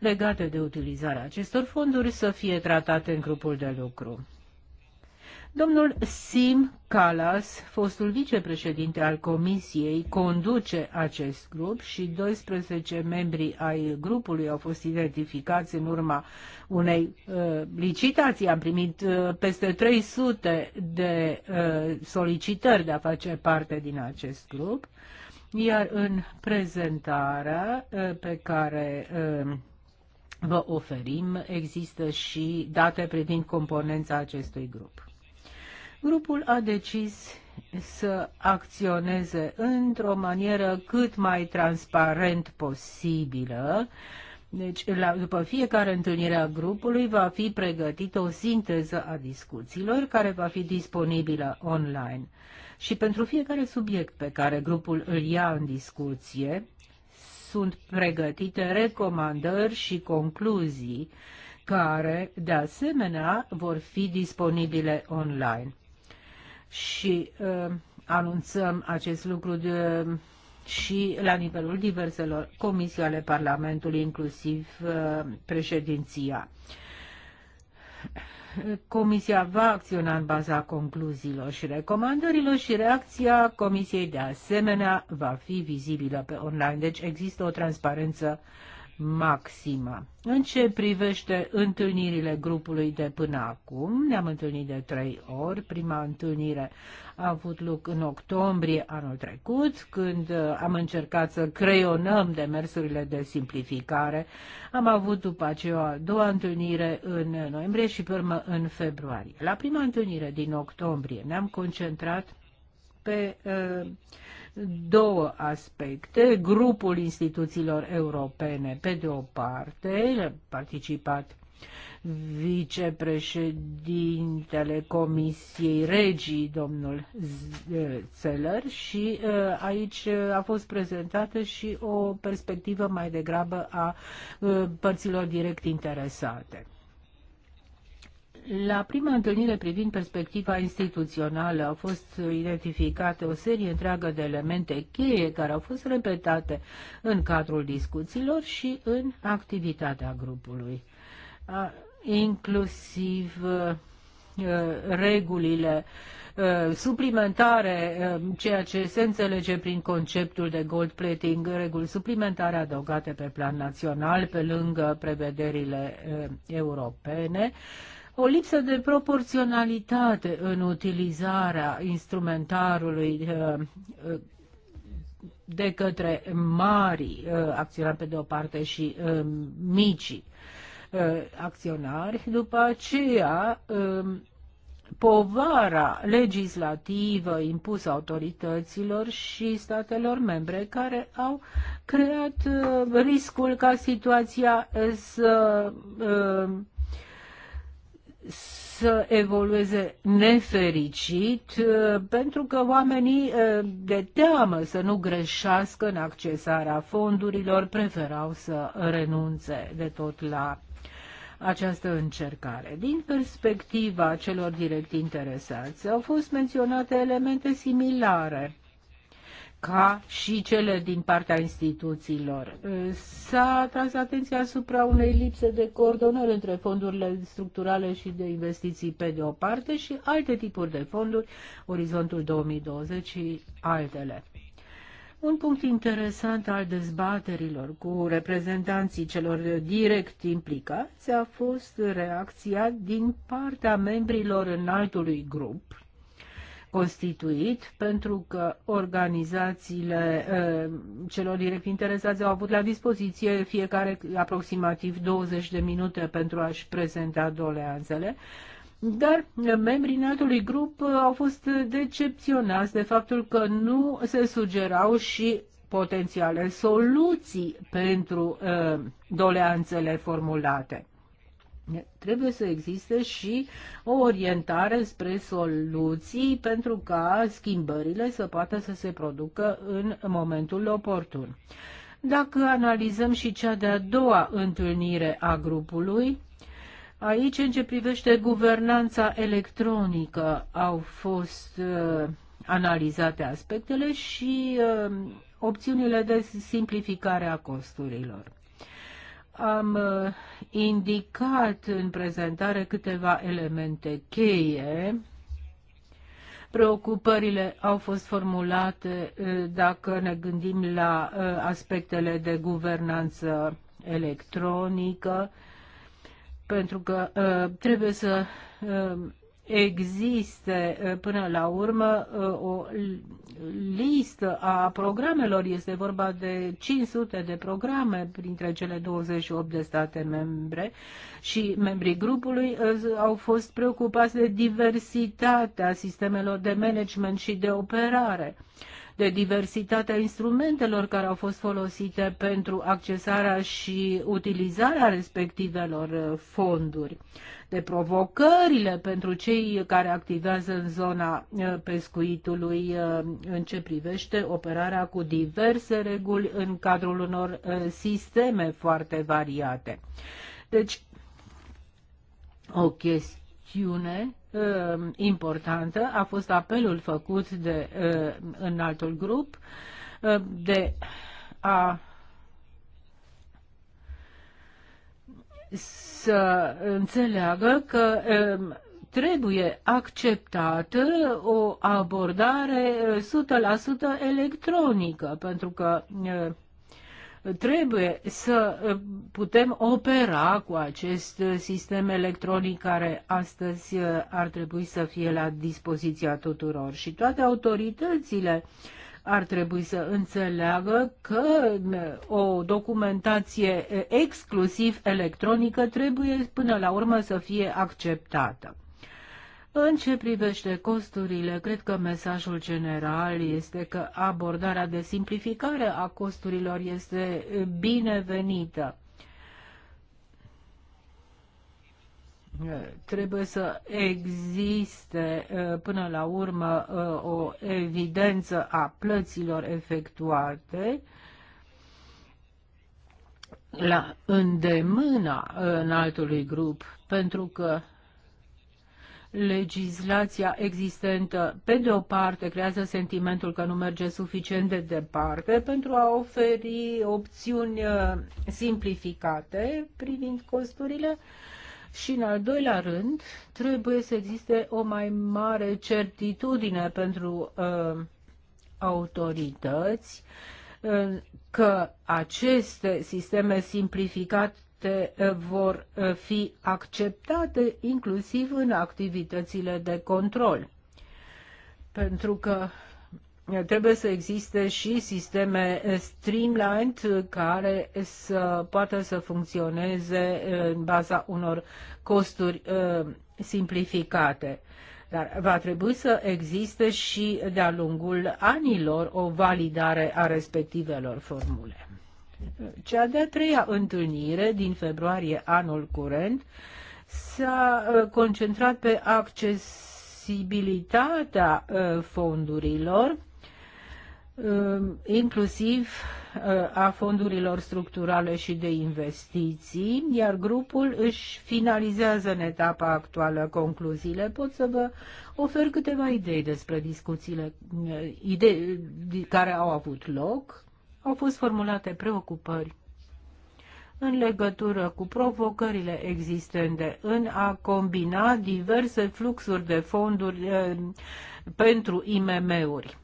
legate de utilizarea acestor fonduri să fie tratate în grupul de lucru. Domnul Sim Calas, fostul vicepreședinte al Comisiei, conduce acest grup și 12 membri ai grupului au fost identificați în urma unei uh, licitații. Am primit uh, peste 300 de uh, solicitări de a face parte din acest grup, iar în prezentarea uh, pe care uh, vă oferim există și date privind componența acestui grup. Grupul a decis să acționeze într-o manieră cât mai transparent posibilă. Deci, la, după fiecare întâlnire a grupului va fi pregătită o sinteză a discuțiilor care va fi disponibilă online. Și pentru fiecare subiect pe care grupul îl ia în discuție, sunt pregătite recomandări și concluzii care, de asemenea, vor fi disponibile online și uh, anunțăm acest lucru de, și la nivelul diverselor comisii ale Parlamentului, inclusiv uh, președinția. Comisia va acționa în baza concluziilor și recomandărilor și reacția Comisiei de asemenea va fi vizibilă pe online. Deci există o transparență uh, maximă. În ce privește întâlnirile grupului de până acum, ne-am întâlnit de trei ori. Prima întâlnire a avut loc în octombrie anul trecut, când uh, am încercat să creionăm demersurile de simplificare. Am avut după aceea a doua întâlnire în noiembrie și pe urmă în februarie. La prima întâlnire din octombrie ne-am concentrat pe uh, două aspecte. Grupul instituțiilor europene, pe de o parte, a participat vicepreședintele Comisiei Regii, domnul Zeller, și aici a fost prezentată și o perspectivă mai degrabă a părților direct interesate. La prima întâlnire privind perspectiva instituțională au fost identificate o serie întreagă de elemente cheie care au fost repetate în cadrul discuțiilor și în activitatea grupului, inclusiv regulile suplimentare, ceea ce se înțelege prin conceptul de gold plating, reguli suplimentare adăugate pe plan național, pe lângă prevederile europene o lipsă de proporționalitate în utilizarea instrumentarului uh, uh, de către mari uh, acționari pe de o parte și micii acționari. După aceea, um, povara legislativă impusă autorităților și statelor membre care au creat riscul ca situația să să evolueze nefericit uh, pentru că oamenii uh, de teamă să nu greșească în accesarea fondurilor preferau să renunțe de tot la această încercare. Din perspectiva celor direct interesați au fost menționate elemente similare ca și cele din partea instituțiilor. S-a tras atenția asupra unei lipse de coordonare între fondurile structurale și de investiții pe de o parte și alte tipuri de fonduri, Orizontul 2020 și altele. Un punct interesant al dezbaterilor cu reprezentanții celor direct implicați a fost reacția din partea membrilor înaltului grup, constituit, pentru că organizațiile celor direct interesați au avut la dispoziție fiecare aproximativ 20 de minute pentru a-și prezenta doleanțele dar membrii altului grup au fost decepționați de faptul că nu se sugerau și potențiale soluții pentru uh, doleanțele formulate. Trebuie să existe și o orientare spre soluții pentru ca schimbările să poată să se producă în momentul oportun. Dacă analizăm și cea de-a doua întâlnire a grupului, aici în ce privește guvernanța electronică au fost uh, analizate aspectele și uh, opțiunile de simplificare a costurilor. Am uh, indicat în prezentare câteva elemente cheie. Preocupările au fost formulate uh, dacă ne gândim la uh, aspectele de guvernanță electronică, pentru că trebuie să existe eh, până la urmă eh, o listă a programelor. Este vorba de 500 de programe printre cele 28 de state membre și membrii grupului eh, au fost preocupați de diversitatea sistemelor de management și de operare de diversitatea instrumentelor care au fost folosite pentru accesarea și utilizarea respectivelor fonduri de provocările pentru cei care activează în zona eh, pescuitului eh, în ce privește operarea cu diverse reguli în cadrul unor eh, sisteme foarte variate. Deci, o chestiune importantă a fost apelul făcut de în altul grup de a să înțeleagă că trebuie acceptată o abordare 100% electronică, pentru că trebuie să putem opera cu acest sistem electronic care astăzi ar trebui să fie la dispoziția tuturor și toate autoritățile ar trebui să înțeleagă că o documentație exclusiv electronică trebuie până la urmă să fie acceptată. În ce privește costurile, cred că mesajul general este că abordarea de simplificare a costurilor este binevenită. trebuie să existe uh, până la urmă uh, o evidență a plăților efectuate la îndemâna uh, înaltului grup, pentru că legislația existentă, pe de o parte, creează sentimentul că nu merge suficient de departe pentru a oferi opțiuni simplificate privind costurile, și în al doilea rând, trebuie să existe o mai mare certitudine pentru uh, autorități uh, că aceste sisteme simplificate uh, vor uh, fi acceptate inclusiv în activitățile de control. Pentru că trebuie să existe și sisteme streamlined care să poată să funcționeze în baza unor costuri uh, simplificate. Dar va trebui să existe și de-a lungul anilor o validare a respectivelor formule. Cea de-a treia întâlnire din februarie anul curent s-a uh, concentrat pe acces accesibilitatea uh, fondurilor Ehm, inclusiv eh, a fondurilor structurale și de investiții, iar grupul își finalizează în etapa actuală concluziile. Pot să vă ofer câteva idei despre discuțiile eh, idei care au avut loc. Au fost formulate preocupări în legătură cu provocările existente în a combina diverse fluxuri de fonduri eh, pentru IMM-uri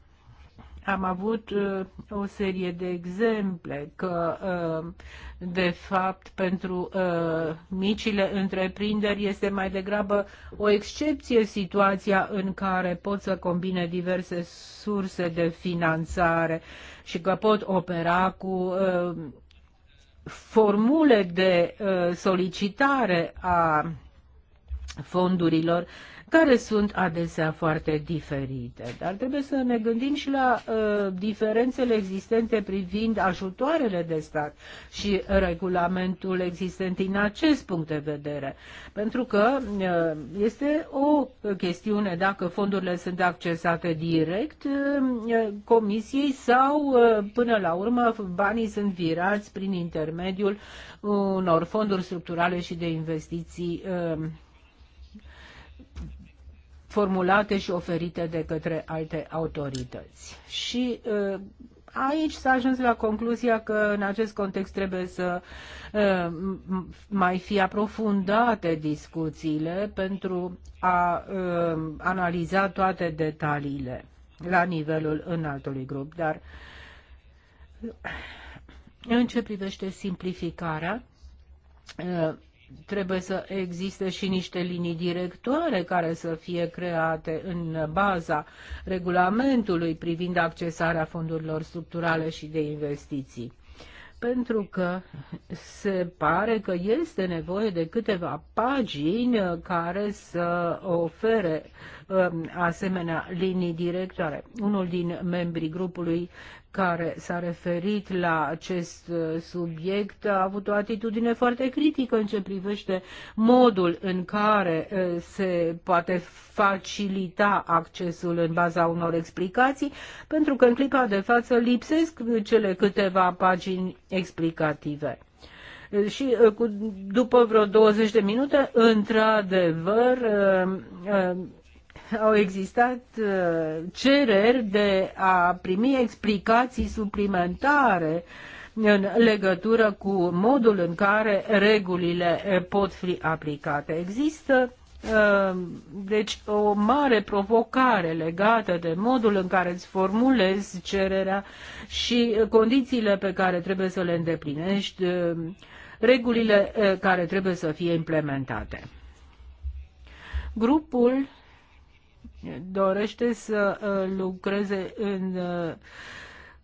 am avut uh, o serie de exemple că, uh, de fapt, pentru uh, micile întreprinderi este mai degrabă o excepție situația în care pot să combine diverse surse de finanțare și că pot opera cu uh, formule de uh, solicitare a fondurilor care sunt adesea foarte diferite. Dar trebuie să ne gândim și la uh, diferențele existente privind ajutoarele de stat și regulamentul existent din acest punct de vedere. Pentru că uh, este o chestiune dacă fondurile sunt accesate direct uh, comisiei sau, uh, până la urmă, banii sunt virați prin intermediul unor fonduri structurale și de investiții. Uh, formulate și oferite de către alte autorități. Și ă, Aici s-a ajuns la concluzia că în acest context trebuie să ă, mai fi aprofundate discuțiile pentru a ă, analiza toate detaliile la nivelul înaltului grup. Dar în ce privește simplificarea, trebuie să existe și niște linii directoare care să fie create în baza regulamentului privind accesarea fondurilor structurale și de investiții. Pentru că se pare că este nevoie de câteva pagini care să ofere Um, asemenea linii directoare. Unul din membrii grupului care s-a referit la acest uh, subiect a avut o atitudine foarte critică în ce privește modul în care uh, se poate facilita accesul în baza unor explicații, pentru că în clipa de față lipsesc cele câteva pagini explicative uh, și după vreo 20 de minute, într-adevăr, au existat uh, cereri de a primi explicații suplimentare în legătură cu modul în care regulile eh, pot fi aplicate. Există uh, deci o mare provocare legată de modul în care îți formulezi cererea și condițiile pe care trebuie să le îndeplinești, uh, regulile eh, care trebuie să fie implementate. Grupul dorește să uh, lucreze în uh,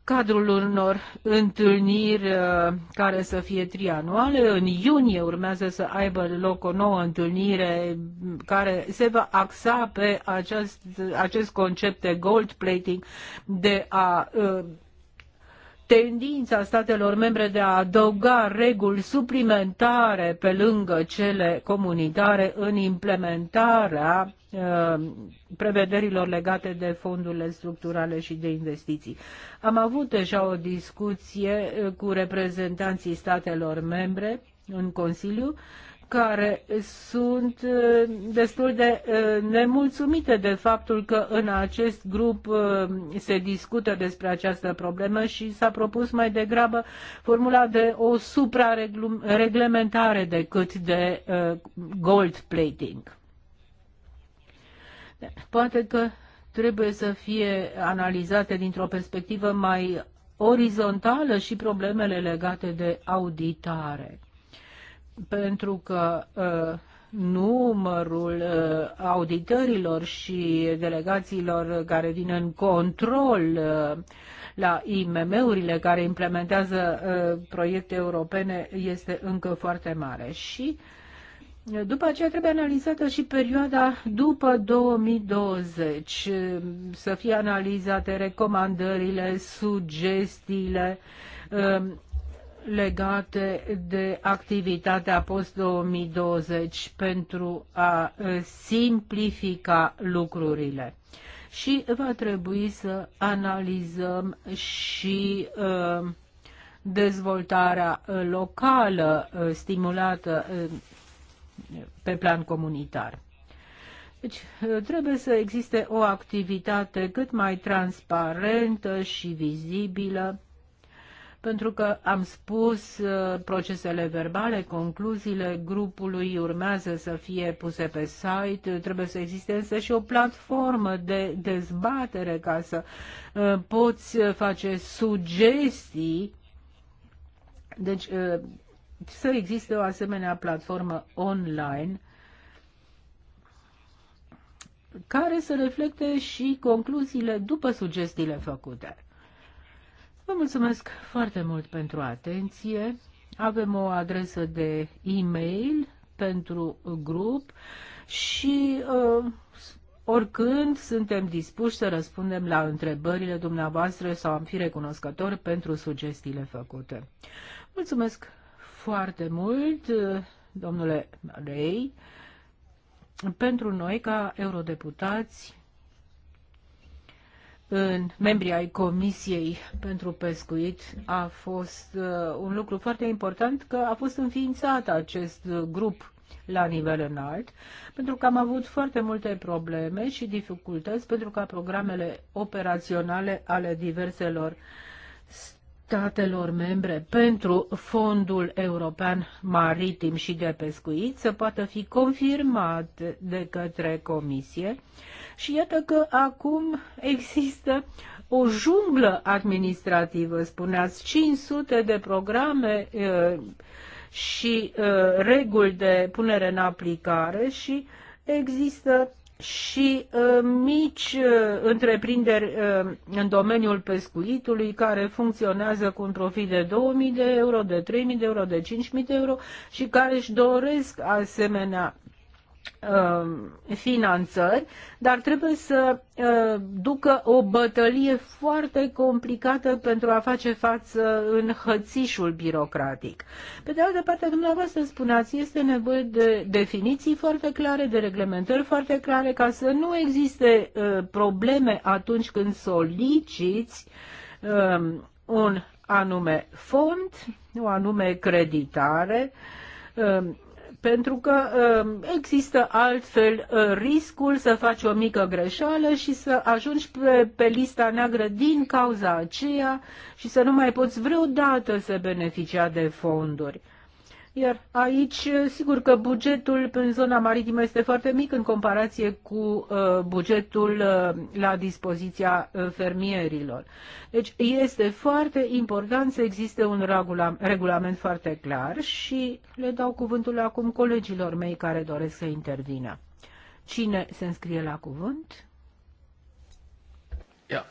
cadrul unor întâlniri uh, care să fie trianuale. În iunie urmează să aibă loc o nouă întâlnire care se va axa pe acest, acest concept de gold plating de a tendința statelor membre de a adăuga reguli suplimentare pe lângă cele comunitare în implementarea uh, prevederilor legate de fondurile structurale și de investiții. Am avut deja o discuție uh, cu reprezentanții statelor membre în Consiliu care sunt uh, destul de uh, nemulțumite de faptul că în acest grup uh, se discută despre această problemă și s-a propus mai degrabă formula de o suprareglementare decât de gold plating. Poate că trebuie să fie analizate dintr-o perspectivă mai orizontală și problemele legate de auditare pentru că uh, numărul uh, auditorilor și delegațiilor care vin în control uh, la IMM-urile care implementează proiecte europene este încă foarte mare și după aceea trebuie analizată și perioada după 2020, să fie analizate recomandările, sugestiile, legate de activitatea post-2020 pentru a simplifica lucrurile. Și va trebui să analizăm și dezvoltarea locală stimulată pe plan comunitar. Deci trebuie să existe o activitate cât mai transparentă și vizibilă pentru că am spus uh, procesele verbale, concluziile grupului urmează să fie puse pe site, trebuie să existe însă și o platformă de dezbatere ca să uh, poți face sugestii. Deci uh, să existe o asemenea platformă online care să reflecte și concluziile după sugestiile făcute. Vă mulțumesc foarte mult pentru atenție. Avem o adresă de e-mail pentru grup și uh, oricând suntem dispuși să răspundem la întrebările dumneavoastră sau am fi recunoscători pentru sugestiile făcute. Mulțumesc foarte mult, domnule Rei. Pentru noi, ca eurodeputați, în membrii ai Comisiei pentru Pescuit a fost uh, un lucru foarte important că a fost înființat acest grup la nivel înalt, pentru că am avut foarte multe probleme și dificultăți pentru ca programele operaționale ale diverselor statelor membre pentru Fondul European Maritim și de Pescuit să poată fi confirmat de către Comisie și iată că acum există o junglă administrativă, spuneați, 500 de programe și reguli de punere în aplicare și există și mici întreprinderi în domeniul pescuitului care funcționează cu un profit de 2000 de euro, de 3000 de euro, de 5000 de euro și care își doresc asemenea Uh, finanțări, dar trebuie să uh, ducă o bătălie foarte complicată pentru a face față în hățișul birocratic. Pe de altă parte, dumneavoastră spuneați, este nevoie de definiții foarte clare, de reglementări foarte clare, ca să nu existe uh, probleme atunci când soliciți um, un anume fond, o anume creditare, um, pentru că um, există altfel uh, riscul să faci o mică greșeală și să ajungi pe, pe lista neagră din cauza aceea și să nu mai poți vreodată să beneficia de fonduri. Iar aici, sigur că bugetul în zona maritimă este foarte mic în comparație cu uh, bugetul uh, la dispoziția uh, fermierilor. Deci este foarte important să existe un regula regulament foarte clar și le dau cuvântul acum colegilor mei care doresc să intervină. Cine se înscrie la cuvânt? Yeah.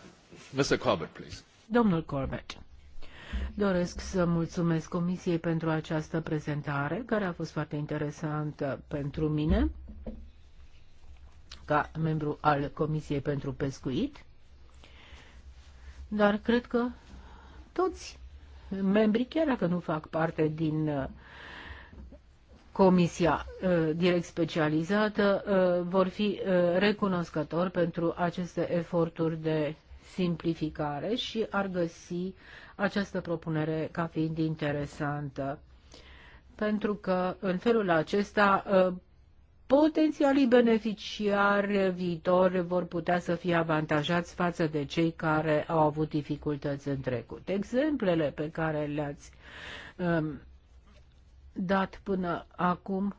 Mr. Corbett, please. Domnul Corbett. Doresc să mulțumesc Comisiei pentru această prezentare, care a fost foarte interesantă pentru mine, ca membru al Comisiei pentru Pescuit, dar cred că toți membrii, chiar dacă nu fac parte din uh, Comisia uh, direct specializată, uh, vor fi recunoscători pentru aceste eforturi de simplificare și ar găsi această propunere ca fiind interesantă, pentru că în felul acesta ă, potențialii beneficiari viitori vor putea să fie avantajați față de cei care au avut dificultăți în trecut. Exemplele pe care le-ați um, dat până acum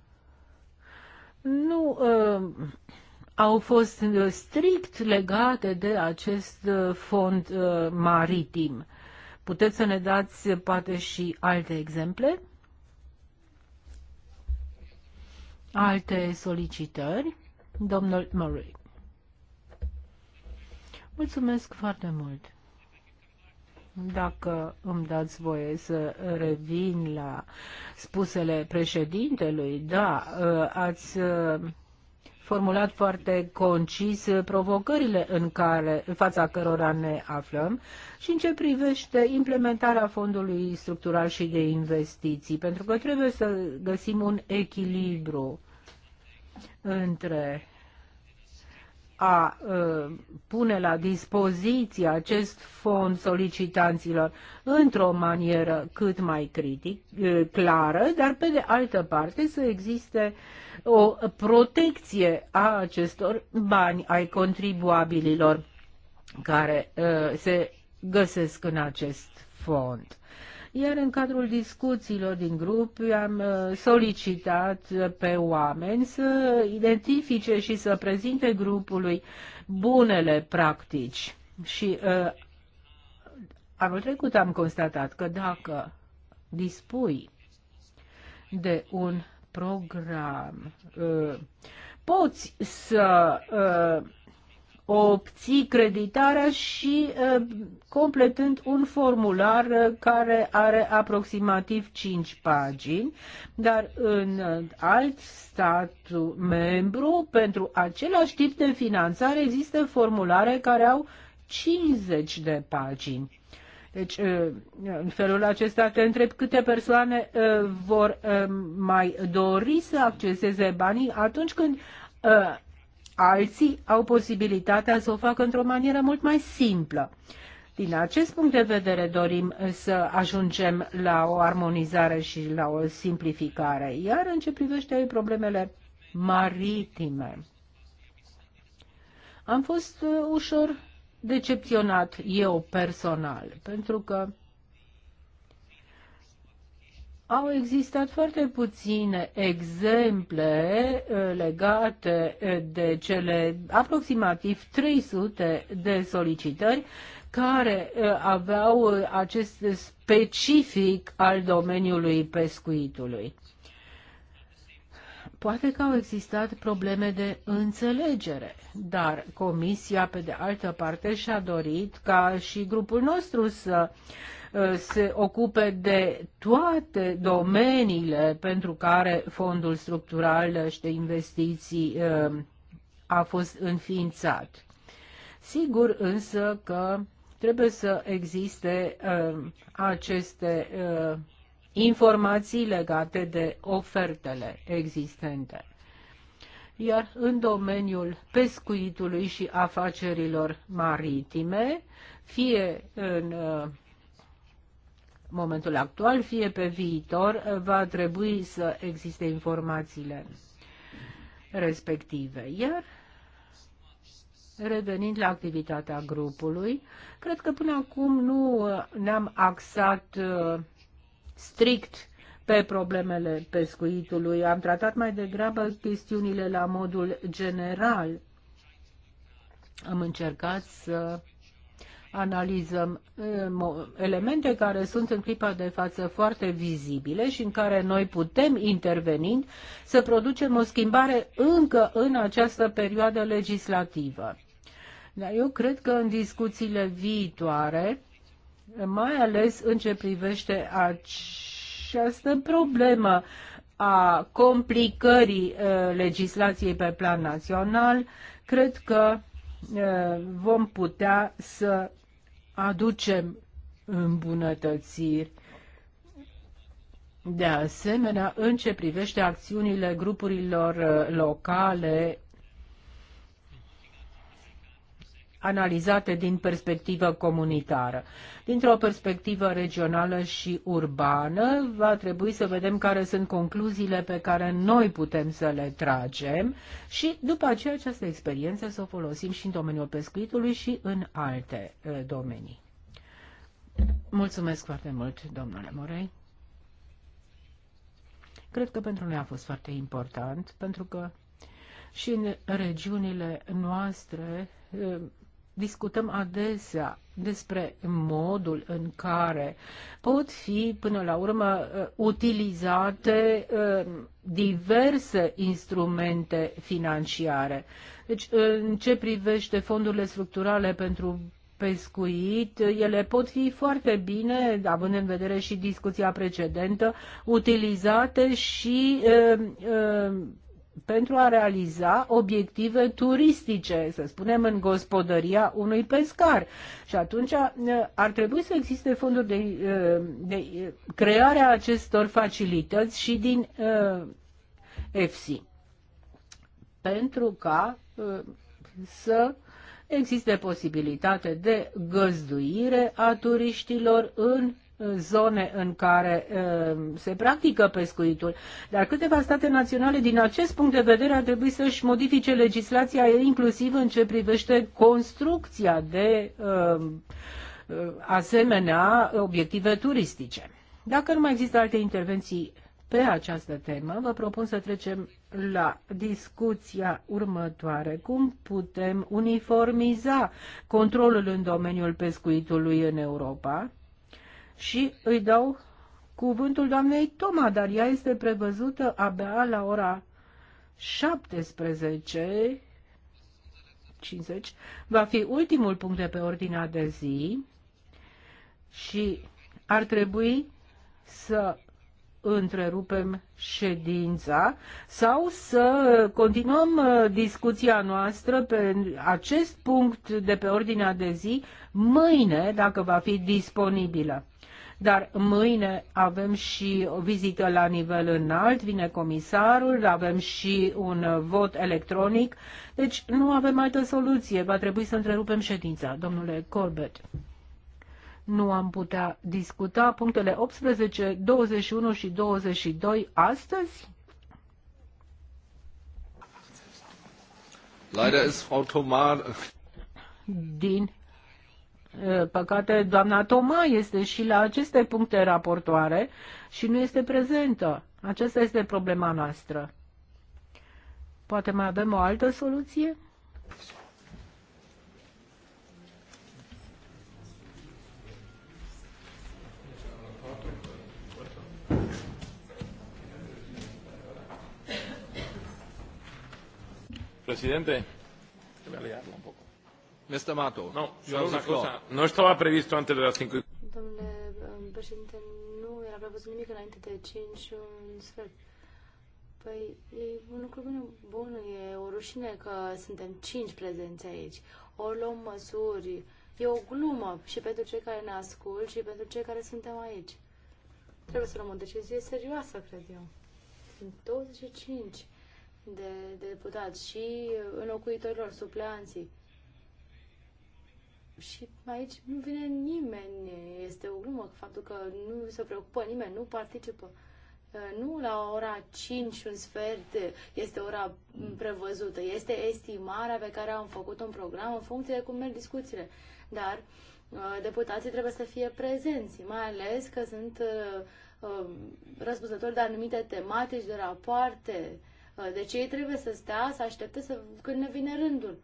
nu um, au fost strict legate de acest fond uh, maritim Puteți să ne dați poate și alte exemple? Alte solicitări? Domnul Murray. Mulțumesc foarte mult. Dacă îmi dați voie să revin la spusele președintelui, da, ă, ați ă, formulat foarte concis provocările în, care, în fața cărora ne aflăm și în ce privește implementarea fondului structural și de investiții, pentru că trebuie să găsim un echilibru între a pune la dispoziție acest fond solicitanților într-o manieră cât mai critic, clară, dar pe de altă parte să existe o protecție a acestor bani ai contribuabililor care se găsesc în acest fond. Iar în cadrul discuțiilor din grup am uh, solicitat pe oameni să identifice și să prezinte grupului bunele practici. Și uh, anul trecut am constatat că dacă dispui de un program, uh, poți să uh, obții creditarea și uh, completând un formular uh, care are aproximativ 5 pagini, dar în uh, alt stat membru, pentru același tip de finanțare, există formulare care au 50 de pagini. Deci, în felul acesta te întreb câte persoane vor mai dori să acceseze banii atunci când alții au posibilitatea să o facă într-o manieră mult mai simplă. Din acest punct de vedere dorim să ajungem la o armonizare și la o simplificare. Iar în ce privește problemele maritime, am fost uh, ușor decepționat eu personal, pentru că au existat foarte puține exemple uh, legate uh, de cele aproximativ 300 de solicitări care uh, aveau acest specific al domeniului pescuitului. Poate că au existat probleme de înțelegere, dar Comisia, pe de altă parte, și-a dorit ca și grupul nostru să uh, Uh, se ocupe de toate domeniile pentru care fondul structural și de investiții uh, a fost înființat. Sigur însă că trebuie să existe uh, aceste informații legate de ofertele existente. Iar în domeniul pescuitului și afacerilor maritime, fie în momentul actual, fie pe viitor, va trebui să existe informațiile respective. Iar Revenind la activitatea grupului, cred că până acum nu uh, ne-am axat uh, strict pe problemele pescuitului. Am tratat mai degrabă chestiunile la modul general. Am încercat să analizăm eh, elemente care sunt în clipa de față foarte vizibile și în care noi putem, intervenind, să producem o schimbare încă în această perioadă legislativă. Dar eu cred că în discuțiile viitoare, mai ales în ce privește această problemă a complicării eh, legislației pe plan național, cred că eh, vom putea să aducem îmbunătățiri. De asemenea, în ce privește acțiunile grupurilor uh, locale analizate din perspectivă comunitară. Dintr-o perspectivă regională și urbană, va trebui să vedem care sunt concluziile pe care noi putem să le tragem și după aceea această experiență să o folosim și în domeniul pescuitului și în alte domenii. Mulțumesc foarte mult, domnule Morei. Cred că pentru noi a fost foarte important, pentru că și în regiunile noastre discutăm adesea despre modul în care pot fi până la urmă uh, utilizate uh, diverse instrumente financiare. Deci, uh, în ce privește fondurile structurale pentru pescuit, ele pot fi foarte bine, având în vedere și discuția precedentă, utilizate și pentru a realiza obiective turistice, să spunem, în gospodăria unui pescar. Și atunci uh, ar trebui să existe fonduri de, uh, de uh, creare acestor facilități și din EFSI. Pentru ca să existe posibilitate de găzduire a turiștilor în zone în care se practică pescuitul, dar câteva state naționale din acest punct de vedere ar trebui să-și modifice legislația inclusiv în ce privește construcția de asemenea obiective turistice. Dacă nu mai există alte intervenții pe această temă, vă propun să trecem la discuția următoare. Cum putem uniformiza controlul în domeniul pescuitului în Europa? și îi dau cuvântul doamnei Toma, dar ea este prevăzută abia la ora 17. 50, va fi ultimul punct de pe ordinea de zi și ar trebui să întrerupem ședința sau să continuăm uh, discuția noastră pe acest punct de pe ordinea de zi mâine, dacă va fi disponibilă. Dar mâine avem și o vizită la nivel înalt, vine comisarul, avem și un vot electronic, deci nu avem altă soluție. Va trebui să întrerupem ședința, domnule Corbett nu am putea discuta punctele 18, 21 și 22 astăzi? Leider ist Frau Thomas. Din păcate, doamna Toma este și la aceste puncte raportoare și nu este prezentă. Aceasta este problema noastră. Poate mai avem o altă soluție? Presidente, voy a liarlo un poco. Mr. Mato. No, una cosa. No estaba previsto antes de las 5. Domnule um, președinte, nu era prevăzut nimic înainte de 5 și un sfert. Păi, e un lucru bun, bun, e o rușine că suntem 5 prezenți aici. O luăm măsuri, e o glumă și pentru cei care ne ascult și pentru cei care suntem aici. Trebuie să luăm o decizie serioasă, cred eu. Sunt 25 de deputați și înlocuitorilor, supleanții. Și aici nu vine nimeni. Este o glumă faptul că nu se preocupă nimeni, nu participă. Uh, nu la ora 5 un sfert este ora prevăzută, este estimarea pe care am făcut un program în funcție de cum merg discuțiile. Dar uh, deputații trebuie să fie prezenți, mai ales că sunt uh, um, răspunzători de anumite tematici, de rapoarte. Deci ei trebuie să stea, să aștepte să, când ne vine rândul.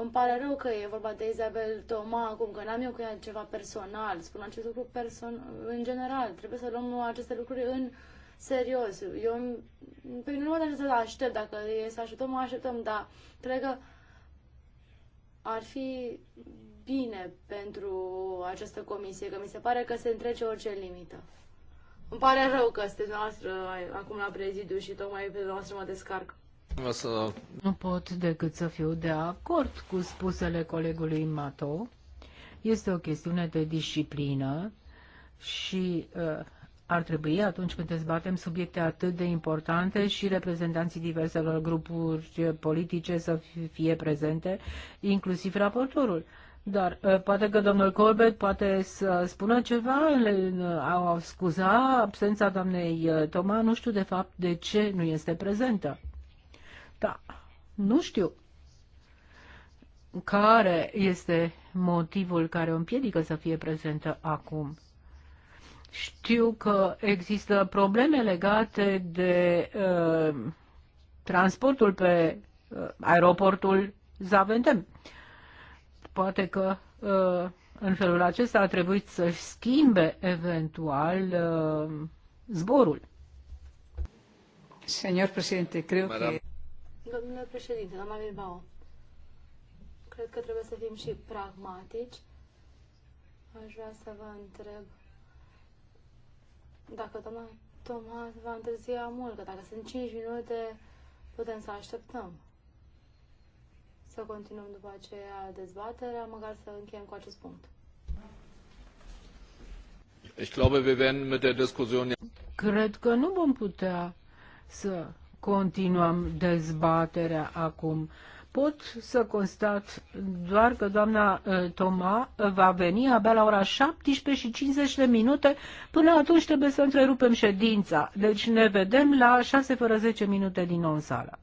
Îmi pare rău că e vorba de Isabel Toma acum, că n-am eu cu ea ceva personal. Spun acest lucru person- în general. Trebuie să luăm aceste lucruri în serios. Eu, pe nu mă să aștept. Dacă e să așteptăm, mă așteptăm, dar cred că ar fi bine pentru această comisie, că mi se pare că se întrece orice limită. Îmi pare rău că sunteți noastră acum la prezidiu și tocmai pe noastră mă descarc. Să... Nu pot decât să fiu de acord cu spusele colegului Mato. Este o chestiune de disciplină și uh, ar trebui atunci când dezbatem subiecte atât de importante și reprezentanții diverselor grupuri politice să fie prezente, inclusiv raportorul. Dar uh, poate că domnul Corbett poate să spună ceva, uh, au scuza absența doamnei uh, Toma, nu știu de fapt de ce nu este prezentă. Da, nu știu care este motivul care o împiedică să fie prezentă acum. Știu că există probleme legate de uh, transportul pe uh, aeroportul Zaventem. Poate că uh, în felul acesta a trebuit să schimbe eventual uh, zborul. Señor președinte, cred că... Domnule președinte, doamna Bilbao, cred că trebuie să fim și pragmatici. Aș vrea să vă întreb dacă doamna Tomas va întârzia mult, că dacă sunt 5 minute, putem să așteptăm. Să continuăm după aceea dezbaterea, măcar să încheiem cu acest punct. Ich glaube, wir werden mit der Diskussion Cred că nu vom putea să continuăm dezbaterea acum. Pot să constat doar că doamna uh, Toma uh, va veni abia la ora 17 și 50 de minute. Până atunci trebuie să întrerupem ședința. Deci ne vedem la 6 fără 10 minute din nou în sală.